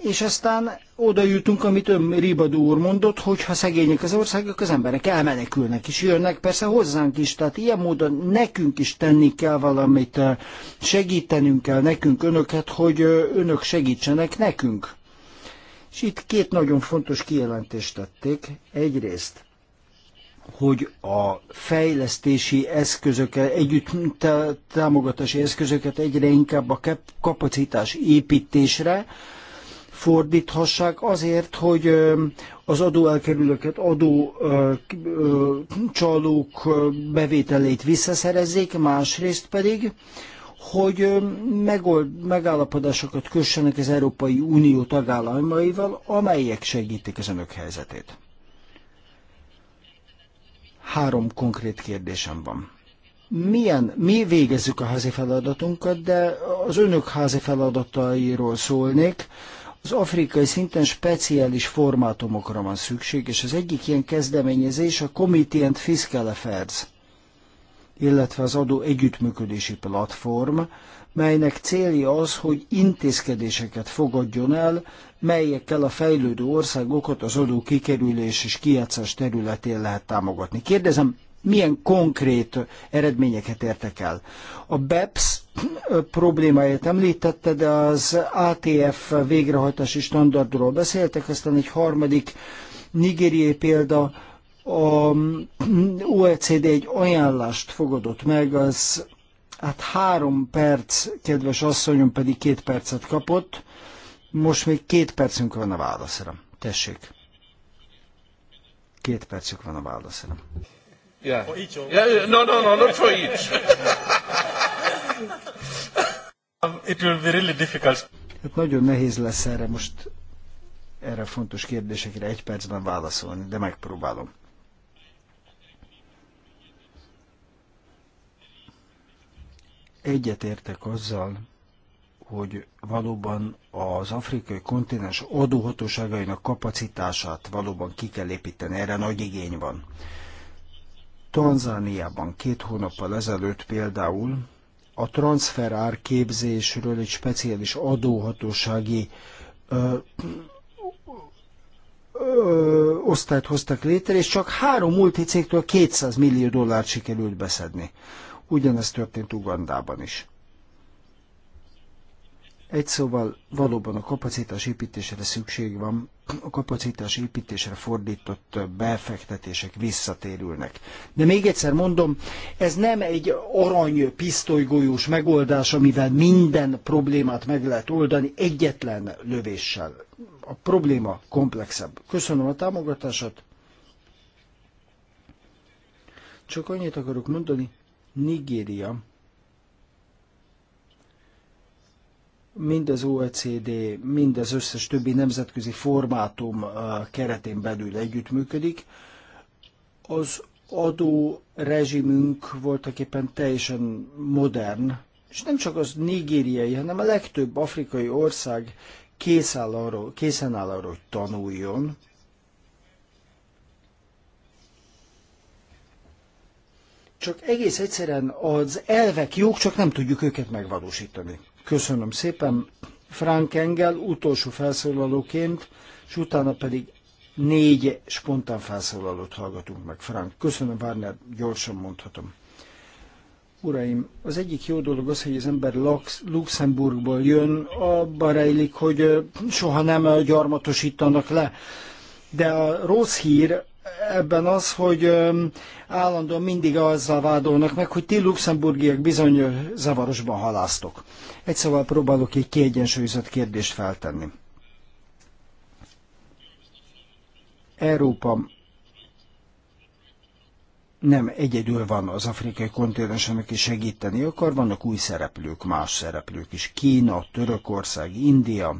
és aztán oda jutunk, amit ön Ribadó úr mondott, hogy ha szegények az országok, az emberek elmenekülnek, és jönnek persze hozzánk is, tehát ilyen módon nekünk is tenni kell valamit, eh, segítenünk kell nekünk önöket, hogy eh, önök segítsenek nekünk. És itt két nagyon fontos kijelentést tették. Egyrészt, hogy a fejlesztési eszközöket, együtt támogatási eszközöket egyre inkább a kapacitás építésre, fordíthassák azért, hogy az adóelkerülőket, adó csalók bevételét visszaszerezzék, másrészt pedig, hogy megold, megállapodásokat kössenek az Európai Unió tagállamaival, amelyek segítik az önök helyzetét. Három konkrét kérdésem van milyen, mi végezzük a házi feladatunkat, de az önök házi feladatairól szólnék. Az afrikai szinten speciális formátumokra van szükség, és az egyik ilyen kezdeményezés a Committee and Fiscal Affairs, illetve az adó együttműködési platform, melynek célja az, hogy intézkedéseket fogadjon el, melyekkel a fejlődő országokat az adó kikerülés és kijátszás területén lehet támogatni. Kérdezem, milyen konkrét eredményeket értek el. A BEPS problémáját említette, de az ATF végrehajtási standardról beszéltek, aztán egy harmadik nigériai példa, a OECD egy ajánlást fogadott meg, az hát három perc, kedves asszonyom pedig két percet kapott, most még két percünk van a válaszra. Tessék. Két percük van a válaszra. Yeah. For each of yeah, yeah. No, no, no, not for <laughs> each. um, it will be really difficult. Hát nagyon nehéz lesz erre most erre fontos kérdésekre egy percben válaszolni, de megpróbálom. Egyetértek azzal, hogy valóban az afrikai kontinens adóhatóságainak kapacitását valóban ki kell építeni, erre nagy igény van. Tanzániában két hónappal ezelőtt például a transferár képzésről egy speciális adóhatósági ö, ö, osztályt hoztak létre, és csak három multicégtől 200 millió dollárt sikerült beszedni. Ugyanezt történt Ugandában is. Egy szóval valóban a kapacitás építésre szükség van, a kapacitás építésre fordított befektetések visszatérülnek. De még egyszer mondom, ez nem egy arany pisztolygolyós megoldás, amivel minden problémát meg lehet oldani egyetlen lövéssel. A probléma komplexebb. Köszönöm a támogatásat. Csak annyit akarok mondani, Nigéria mind az OECD, mind az összes többi nemzetközi formátum uh, keretén belül együttműködik. Az adó rezsimünk voltak éppen teljesen modern, és nem csak az nigériai, hanem a legtöbb afrikai ország kész áll arról, készen áll arra, hogy tanuljon. Csak egész egyszerűen az elvek jók, csak nem tudjuk őket megvalósítani. Köszönöm szépen. Frank Engel utolsó felszólalóként, és utána pedig négy spontán felszólalót hallgatunk meg. Frank, köszönöm, Várner, gyorsan mondhatom. Uraim, az egyik jó dolog az, hogy az ember Lux- Luxemburgból jön, abban rejlik, hogy soha nem gyarmatosítanak le. De a rossz hír ebben az, hogy állandóan mindig azzal vádolnak meg, hogy ti luxemburgiak bizony zavarosban halásztok. Egy szóval próbálok egy kiegyensúlyozott kérdést feltenni. Európa nem egyedül van az afrikai kontinensen, aki segíteni akar, vannak új szereplők, más szereplők is. Kína, Törökország, India,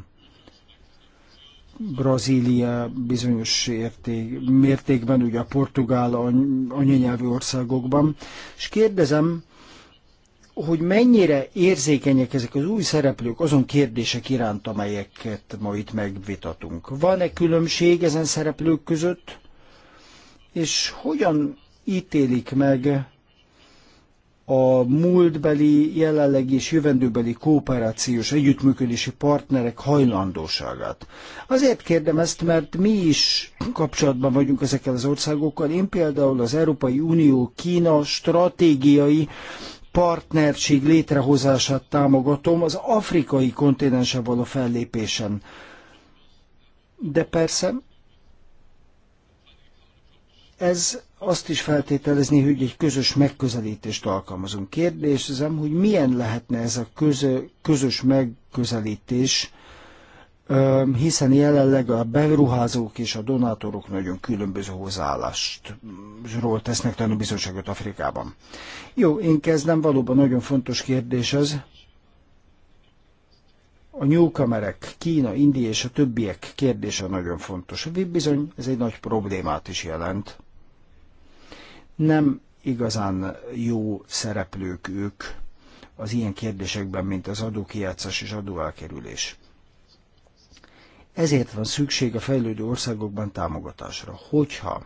Brazília bizonyos érték, mértékben, ugye a portugál anyanyelvű országokban, és kérdezem, hogy mennyire érzékenyek ezek az új szereplők azon kérdések iránt, amelyeket ma itt megvitatunk. Van-e különbség ezen szereplők között, és hogyan ítélik meg a múltbeli, jelenlegi és jövendőbeli kooperációs együttműködési partnerek hajlandóságát. Azért kérdem ezt, mert mi is kapcsolatban vagyunk ezekkel az országokkal. Én például az Európai Unió-Kína stratégiai partnerség létrehozását támogatom az afrikai kontinensen való fellépésen. De persze ez azt is feltételezni, hogy egy közös megközelítést alkalmazunk. Kérdésem, hogy milyen lehetne ez a közö, közös megközelítés, hiszen jelenleg a beruházók és a donátorok nagyon különböző hozzáállásról tesznek tanúbizonyságot Afrikában. Jó, én kezdem, valóban nagyon fontos kérdés ez. A nyúlkamerek, Kína, India és a többiek kérdése nagyon fontos. Bizony, ez egy nagy problémát is jelent nem igazán jó szereplők ők az ilyen kérdésekben, mint az adókijátszás és adóelkerülés. Ezért van szükség a fejlődő országokban támogatásra. Hogyha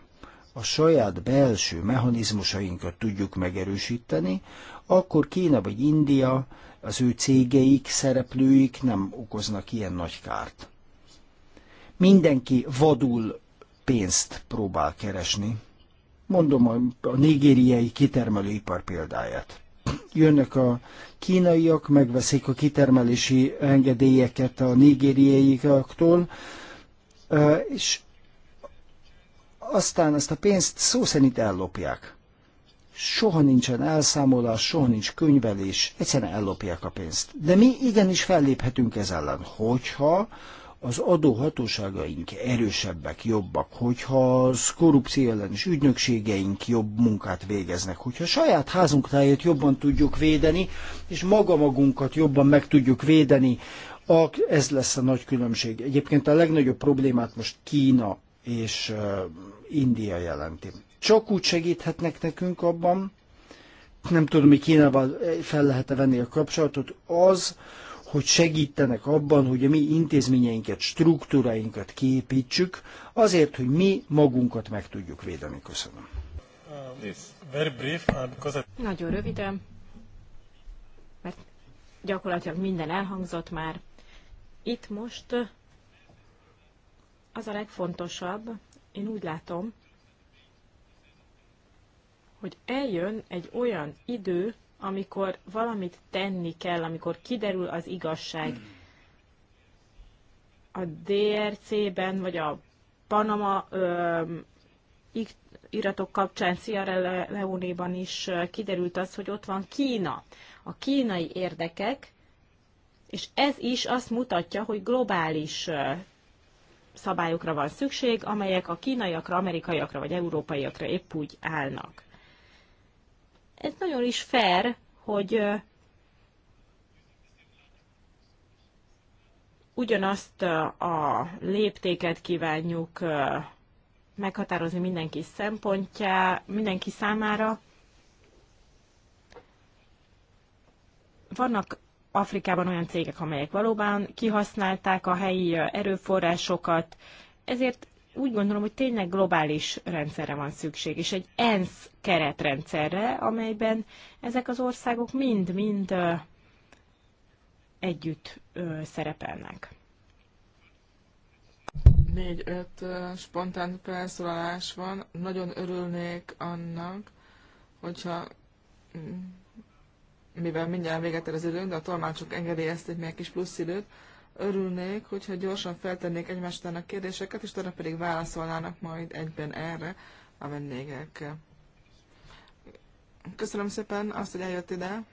a saját belső mechanizmusainkat tudjuk megerősíteni, akkor Kína vagy India, az ő cégeik, szereplőik nem okoznak ilyen nagy kárt. Mindenki vadul pénzt próbál keresni, Mondom a, a nigériai kitermelőipar példáját. Jönnek a kínaiak, megveszik a kitermelési engedélyeket a nigériaiaktól, és aztán ezt a pénzt szó szerint ellopják. Soha nincsen elszámolás, soha nincs könyvelés, egyszerűen ellopják a pénzt. De mi igenis felléphetünk ez ellen, hogyha az adóhatóságaink erősebbek, jobbak, hogyha az korrupció ellenes ügynökségeink jobb munkát végeznek, hogyha saját házunk táját jobban tudjuk védeni, és maga magunkat jobban meg tudjuk védeni, ez lesz a nagy különbség. Egyébként a legnagyobb problémát most Kína és India jelenti. Csak úgy segíthetnek nekünk abban, nem tudom, hogy Kínával fel lehet-e venni a kapcsolatot, az, hogy segítenek abban, hogy a mi intézményeinket, struktúráinkat képítsük, azért, hogy mi magunkat meg tudjuk védeni. Köszönöm. Nagyon röviden, mert gyakorlatilag minden elhangzott már. Itt most az a legfontosabb, én úgy látom, hogy eljön egy olyan idő, amikor valamit tenni kell, amikor kiderül az igazság. A DRC-ben, vagy a Panama ö, iratok kapcsán Sierra Leone-ban is kiderült az, hogy ott van Kína. A kínai érdekek, és ez is azt mutatja, hogy globális szabályokra van szükség, amelyek a kínaiakra, amerikaiakra vagy európaiakra épp úgy állnak ez nagyon is fair, hogy ugyanazt a léptéket kívánjuk meghatározni mindenki szempontjá, mindenki számára. Vannak Afrikában olyan cégek, amelyek valóban kihasználták a helyi erőforrásokat, ezért úgy gondolom, hogy tényleg globális rendszerre van szükség, és egy ENSZ keretrendszerre, amelyben ezek az országok mind-mind együtt szerepelnek. Négy-öt spontán felszólalás van. Nagyon örülnék annak, hogyha mm, mivel mindjárt véget ér az időnk, de a tolmácsok engedélyezték még egy kis plusz időt, örülnék, hogyha gyorsan feltennék egymást a kérdéseket, és tőle pedig válaszolnának majd egyben erre a vendégek. Köszönöm szépen azt, hogy eljött ide.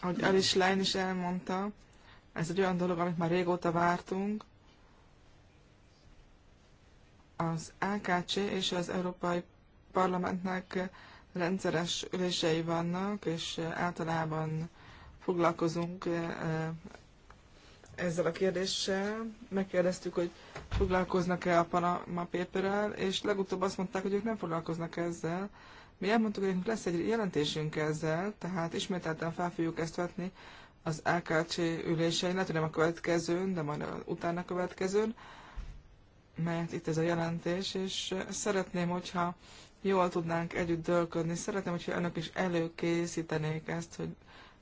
Ahogy Alice Lein is elmondta, ez egy olyan dolog, amit már régóta vártunk. Az AKC és az Európai Parlamentnek rendszeres ülései vannak, és általában foglalkozunk eh, ezzel a kérdéssel, megkérdeztük, hogy foglalkoznak-e a Panama paper és legutóbb azt mondták, hogy ők nem foglalkoznak ezzel. Mi elmondtuk, hogy lesz egy jelentésünk ezzel, tehát ismételten fel fogjuk ezt vetni az AKC ülésein, lehet, hogy nem a következőn, de majd utána következőn, mert itt ez a jelentés, és szeretném, hogyha jól tudnánk együtt dölködni, szeretném, hogyha önök is előkészítenék ezt, hogy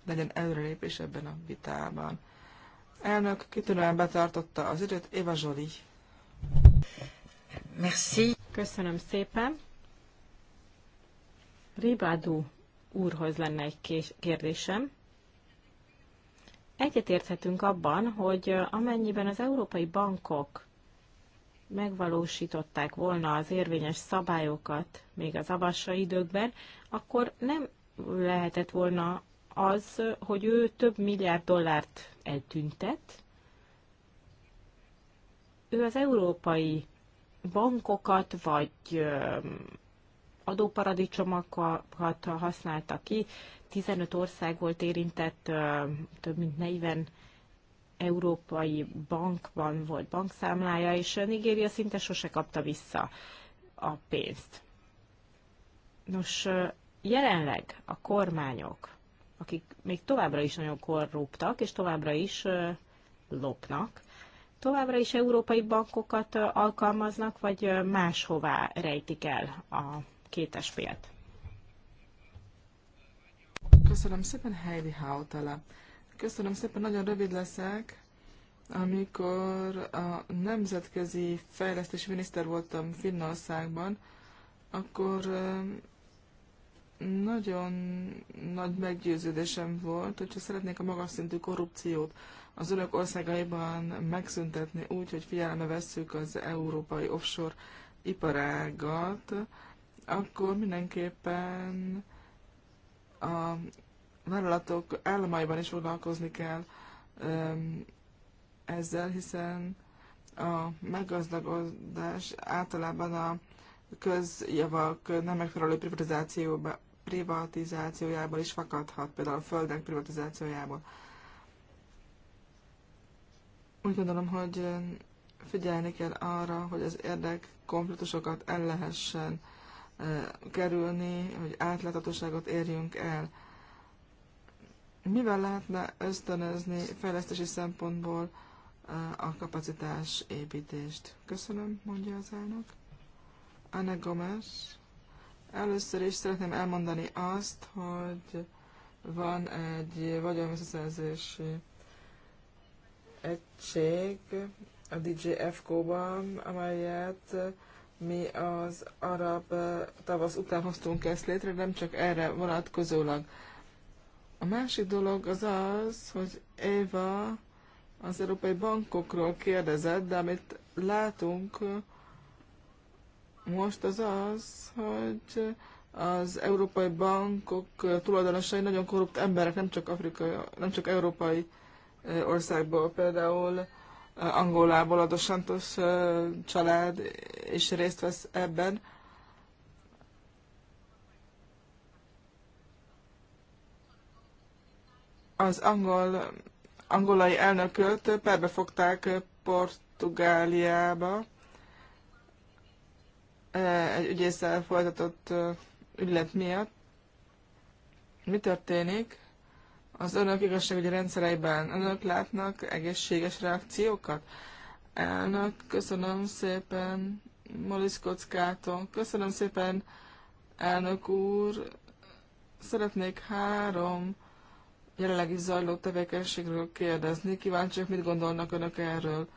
legyen előrelépés ebben a vitában. Elnök kitűnően betartotta az időt. Éva Zsoli. Merci. Köszönöm szépen. Ribádú úrhoz lenne egy kérdésem. Egyetérthetünk abban, hogy amennyiben az európai bankok megvalósították volna az érvényes szabályokat még az avassa időkben, akkor nem lehetett volna az, hogy ő több milliárd dollárt eltüntet. Ő az európai bankokat vagy adóparadicsomokat használta ki. 15 ország volt érintett, több mint 40 európai bankban volt bankszámlája, és Nigéria szinte sose kapta vissza a pénzt. Nos, jelenleg a kormányok akik még továbbra is nagyon korruptak, és továbbra is lopnak. Továbbra is európai bankokat alkalmaznak, vagy máshová rejtik el a kétes pélt. Köszönöm szépen, Heidi Hautala. Köszönöm szépen, nagyon rövid leszek. Amikor a nemzetközi fejlesztési miniszter voltam Finnországban, akkor nagyon nagy meggyőződésem volt, hogyha szeretnék a magas szintű korrupciót az önök országaiban megszüntetni úgy, hogy figyelembe vesszük az európai offshore iparágat, akkor mindenképpen a vállalatok államaiban is foglalkozni kell ezzel, hiszen a meggazdagodás általában a közjavak nem megfelelő privatizációba, privatizációjából is fakadhat, például a földek privatizációjából. Úgy gondolom, hogy figyelni kell arra, hogy az érdek konfliktusokat el lehessen e, kerülni, hogy átláthatóságot érjünk el. Mivel lehetne ösztönözni fejlesztési szempontból e, a kapacitás építést? Köszönöm, mondja az elnök. Anna Gomez. Először is szeretném elmondani azt, hogy van egy vagyonvisszaszerzési egység a DJF ban amelyet mi az arab tavasz után hoztunk ezt létre, nem csak erre vonatkozólag. A másik dolog az az, hogy Éva az európai bankokról kérdezett, de amit látunk, most az az, hogy az európai bankok tulajdonosai nagyon korrupt emberek, nem csak, afrikai, nem csak európai eh, országból, például eh, Angolából a Dos Santos eh, család is részt vesz ebben. Az angol, angolai elnököt perbe fogták Portugáliába, egy ügyésszel folytatott ügylet miatt. Mi történik az önök igazságügyi rendszereiben? Önök látnak egészséges reakciókat? Elnök, köszönöm szépen, Molisz kockáton. Köszönöm szépen, elnök úr. Szeretnék három jelenlegi zajló tevékenységről kérdezni. Kíváncsiak, mit gondolnak önök erről.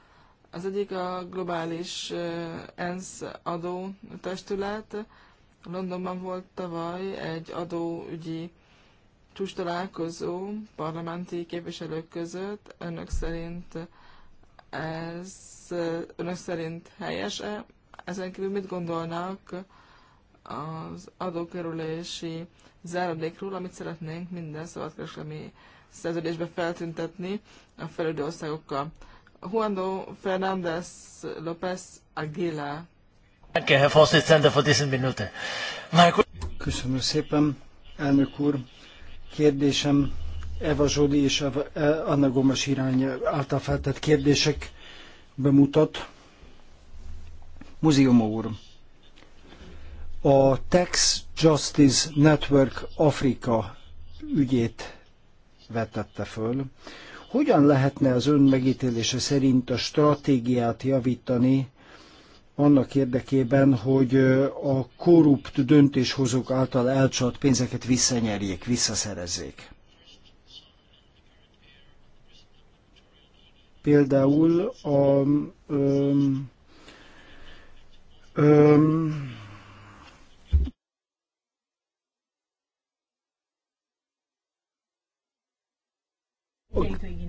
Az egyik a globális ENSZ adó testület. Londonban volt tavaly egy adóügyi csúcs találkozó parlamenti képviselők között. Önök szerint ez önök szerint helyes-e? Ezen kívül mit gondolnak az adókerülési záradékról, amit szeretnénk minden szabadkereskedelmi szerződésbe feltüntetni a felüldő országokkal? Juando Fernández López Aguila. Köszönöm szépen, elnök úr. Kérdésem Eva Zsoli és eh, Anna Gomes irány által feltett kérdések bemutat. Múzeum úr, a Tax Justice Network Afrika ügyét vetette föl, hogyan lehetne az ön megítélése szerint a stratégiát javítani annak érdekében, hogy a korrupt döntéshozók által elcsalt pénzeket visszanyerjék, visszaszerezzék? Például a Um, um,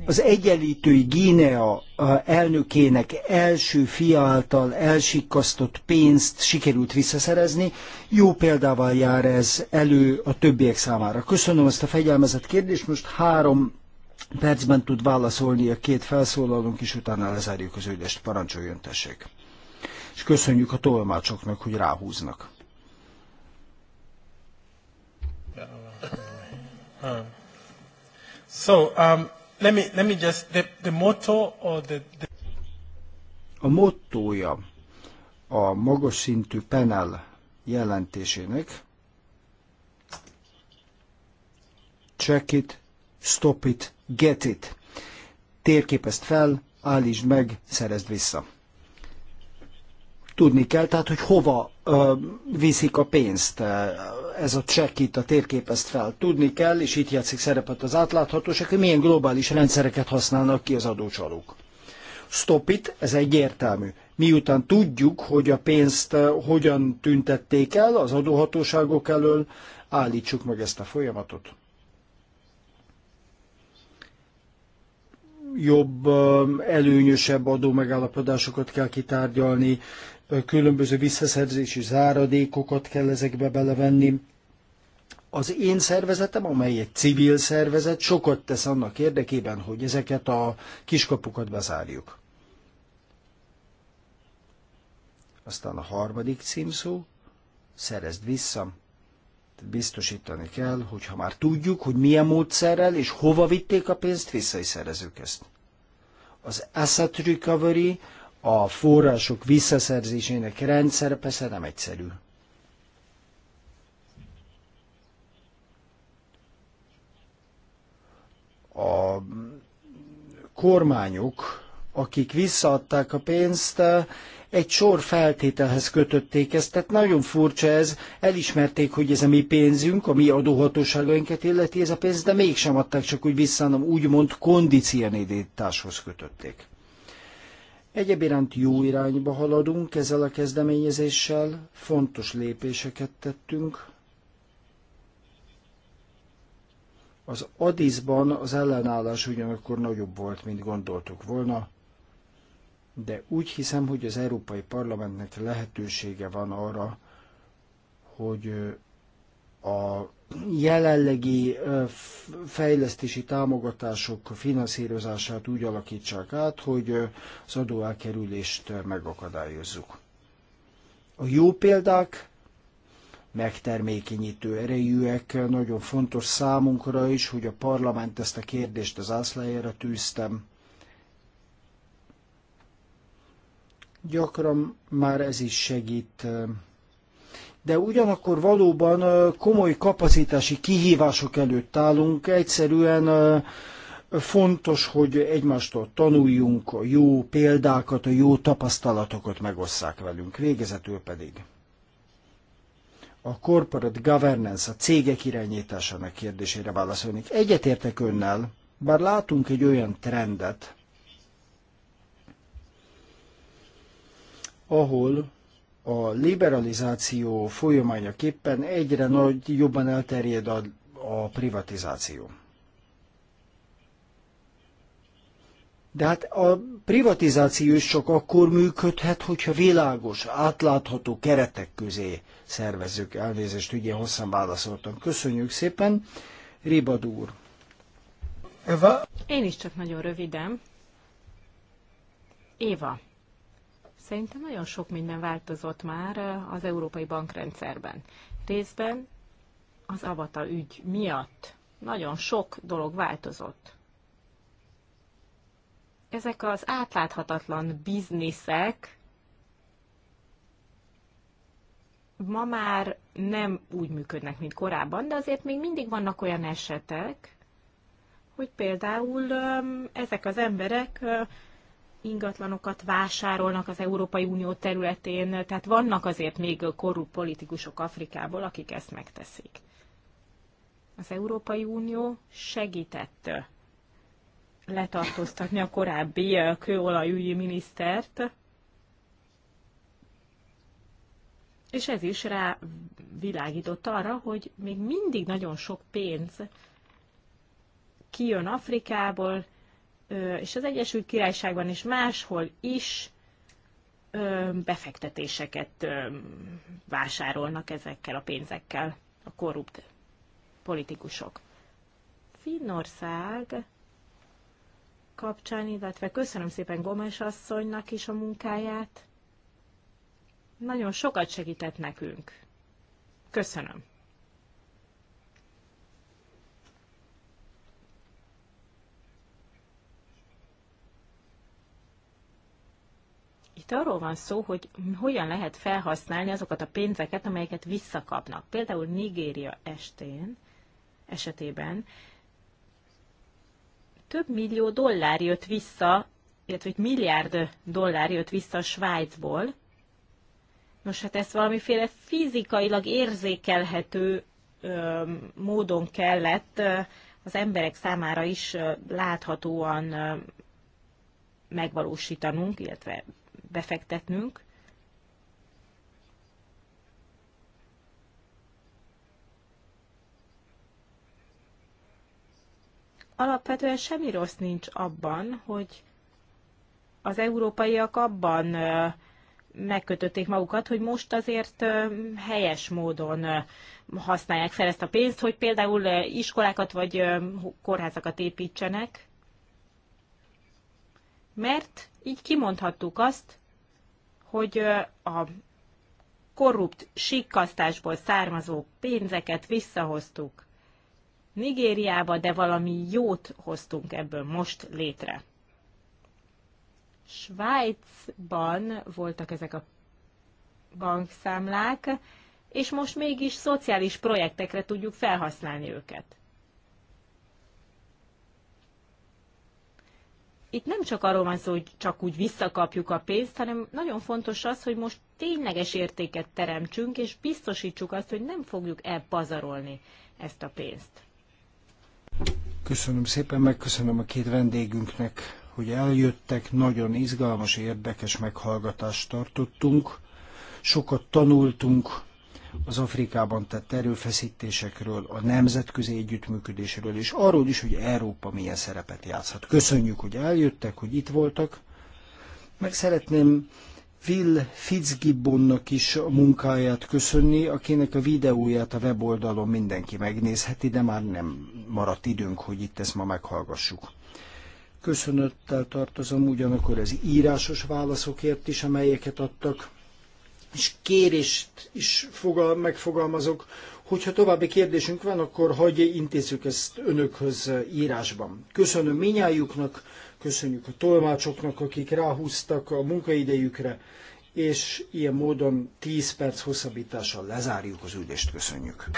az egyenlítői Gínea elnökének első fia által elsikasztott pénzt sikerült visszaszerezni. Jó példával jár ez elő a többiek számára. Köszönöm ezt a fegyelmezett kérdést. Most három percben tud válaszolni a két felszólalónk, és utána lezárjuk az ügyest. Parancsoljon, tessék. És köszönjük a tolmácsoknak, hogy ráhúznak. So, um, Let me, let me just, the, the motto or the, the... A mottója a magas szintű panel jelentésének check it, stop it, get it. Térképezd fel, állítsd meg, szerezd vissza. Tudni kell tehát, hogy hova ö, viszik a pénzt ez a csekk itt a térkép ezt fel. Tudni kell, és itt játszik szerepet az átláthatóság, hogy milyen globális rendszereket használnak ki az adócsalók. Stop it, ez egyértelmű. Miután tudjuk, hogy a pénzt eh, hogyan tüntették el az adóhatóságok elől, állítsuk meg ezt a folyamatot. jobb, eh, előnyösebb adómegállapodásokat kell kitárgyalni, különböző visszaszerzési záradékokat kell ezekbe belevenni. Az én szervezetem, amely egy civil szervezet, sokat tesz annak érdekében, hogy ezeket a kiskapukat bezárjuk. Aztán a harmadik címszó, szerezd vissza. Biztosítani kell, hogy ha már tudjuk, hogy milyen módszerrel és hova vitték a pénzt, vissza is szerezzük ezt. Az asset recovery, a források visszaszerzésének rendszere persze nem egyszerű. A kormányok, akik visszaadták a pénzt, egy sor feltételhez kötötték ezt, tehát nagyon furcsa ez, elismerték, hogy ez a mi pénzünk, a mi adóhatóságainkat illeti ez a pénz, de mégsem adták csak úgy vissza, hanem úgymond kondicionalitáshoz kötötték. Egyéb iránt jó irányba haladunk ezzel a kezdeményezéssel, fontos lépéseket tettünk. Az Addisban az ellenállás ugyanakkor nagyobb volt, mint gondoltuk volna, de úgy hiszem, hogy az Európai Parlamentnek lehetősége van arra, hogy a jelenlegi fejlesztési támogatások finanszírozását úgy alakítsák át, hogy az adóelkerülést megakadályozzuk. A jó példák megtermékenyítő erejűek, nagyon fontos számunkra is, hogy a parlament ezt a kérdést az ászlájára tűztem. Gyakran már ez is segít de ugyanakkor valóban komoly kapacitási kihívások előtt állunk. Egyszerűen fontos, hogy egymástól tanuljunk, a jó példákat, a jó tapasztalatokat megosszák velünk. Végezetül pedig a corporate governance, a cégek irányításának kérdésére válaszolnék. Egyetértek önnel, bár látunk egy olyan trendet, ahol a liberalizáció folyamányaképpen egyre nagy, jobban elterjed a, a privatizáció. De hát a privatizáció is csak akkor működhet, hogyha világos, átlátható keretek közé szervezzük. Elnézést, ugye hosszan válaszoltam. Köszönjük szépen. Ribad úr. Eva? Én is csak nagyon röviden. Éva, Szerintem nagyon sok minden változott már az európai bankrendszerben. Részben az Avata ügy miatt nagyon sok dolog változott. Ezek az átláthatatlan bizniszek ma már nem úgy működnek, mint korábban, de azért még mindig vannak olyan esetek, hogy például ezek az emberek ingatlanokat vásárolnak az Európai Unió területén, tehát vannak azért még korrupt politikusok Afrikából, akik ezt megteszik. Az Európai Unió segített letartóztatni a korábbi kőolajügyi minisztert, és ez is rá világított arra, hogy még mindig nagyon sok pénz kijön Afrikából, és az Egyesült Királyságban és máshol is befektetéseket vásárolnak ezekkel a pénzekkel a korrupt politikusok. Finnország kapcsán, illetve köszönöm szépen Gomes asszonynak is a munkáját. Nagyon sokat segített nekünk. Köszönöm. Itt arról van szó, hogy hogyan lehet felhasználni azokat a pénzeket, amelyeket visszakapnak. Például Nigéria estén, esetében több millió dollár jött vissza, illetve egy milliárd dollár jött vissza a Svájcból. Nos, hát ezt valamiféle fizikailag érzékelhető ö, módon kellett ö, az emberek számára is ö, láthatóan ö, megvalósítanunk, illetve befektetnünk. Alapvetően semmi rossz nincs abban, hogy az európaiak abban megkötötték magukat, hogy most azért helyes módon használják fel ezt a pénzt, hogy például iskolákat vagy kórházakat építsenek, mert így kimondhattuk azt, hogy a korrupt sikkasztásból származó pénzeket visszahoztuk Nigériába, de valami jót hoztunk ebből most létre. Svájcban voltak ezek a bankszámlák, és most mégis szociális projektekre tudjuk felhasználni őket. itt nem csak arról van szó, hogy csak úgy visszakapjuk a pénzt, hanem nagyon fontos az, hogy most tényleges értéket teremtsünk, és biztosítsuk azt, hogy nem fogjuk elpazarolni ezt a pénzt. Köszönöm szépen, megköszönöm a két vendégünknek, hogy eljöttek. Nagyon izgalmas, érdekes meghallgatást tartottunk. Sokat tanultunk, az Afrikában tett erőfeszítésekről, a nemzetközi együttműködésről, és arról is, hogy Európa milyen szerepet játszhat. Köszönjük, hogy eljöttek, hogy itt voltak. Meg szeretném Will Fitzgibbonnak is a munkáját köszönni, akinek a videóját a weboldalon mindenki megnézheti, de már nem maradt időnk, hogy itt ezt ma meghallgassuk. Köszönöttel tartozom ugyanakkor az írásos válaszokért is, amelyeket adtak és kérést is fogal, megfogalmazok, hogyha további kérdésünk van, akkor hagyj intézzük ezt önökhöz írásban. Köszönöm minnyájuknak, köszönjük a tolmácsoknak, akik ráhúztak a munkaidejükre, és ilyen módon 10 perc hosszabbítással lezárjuk az ülést. Köszönjük!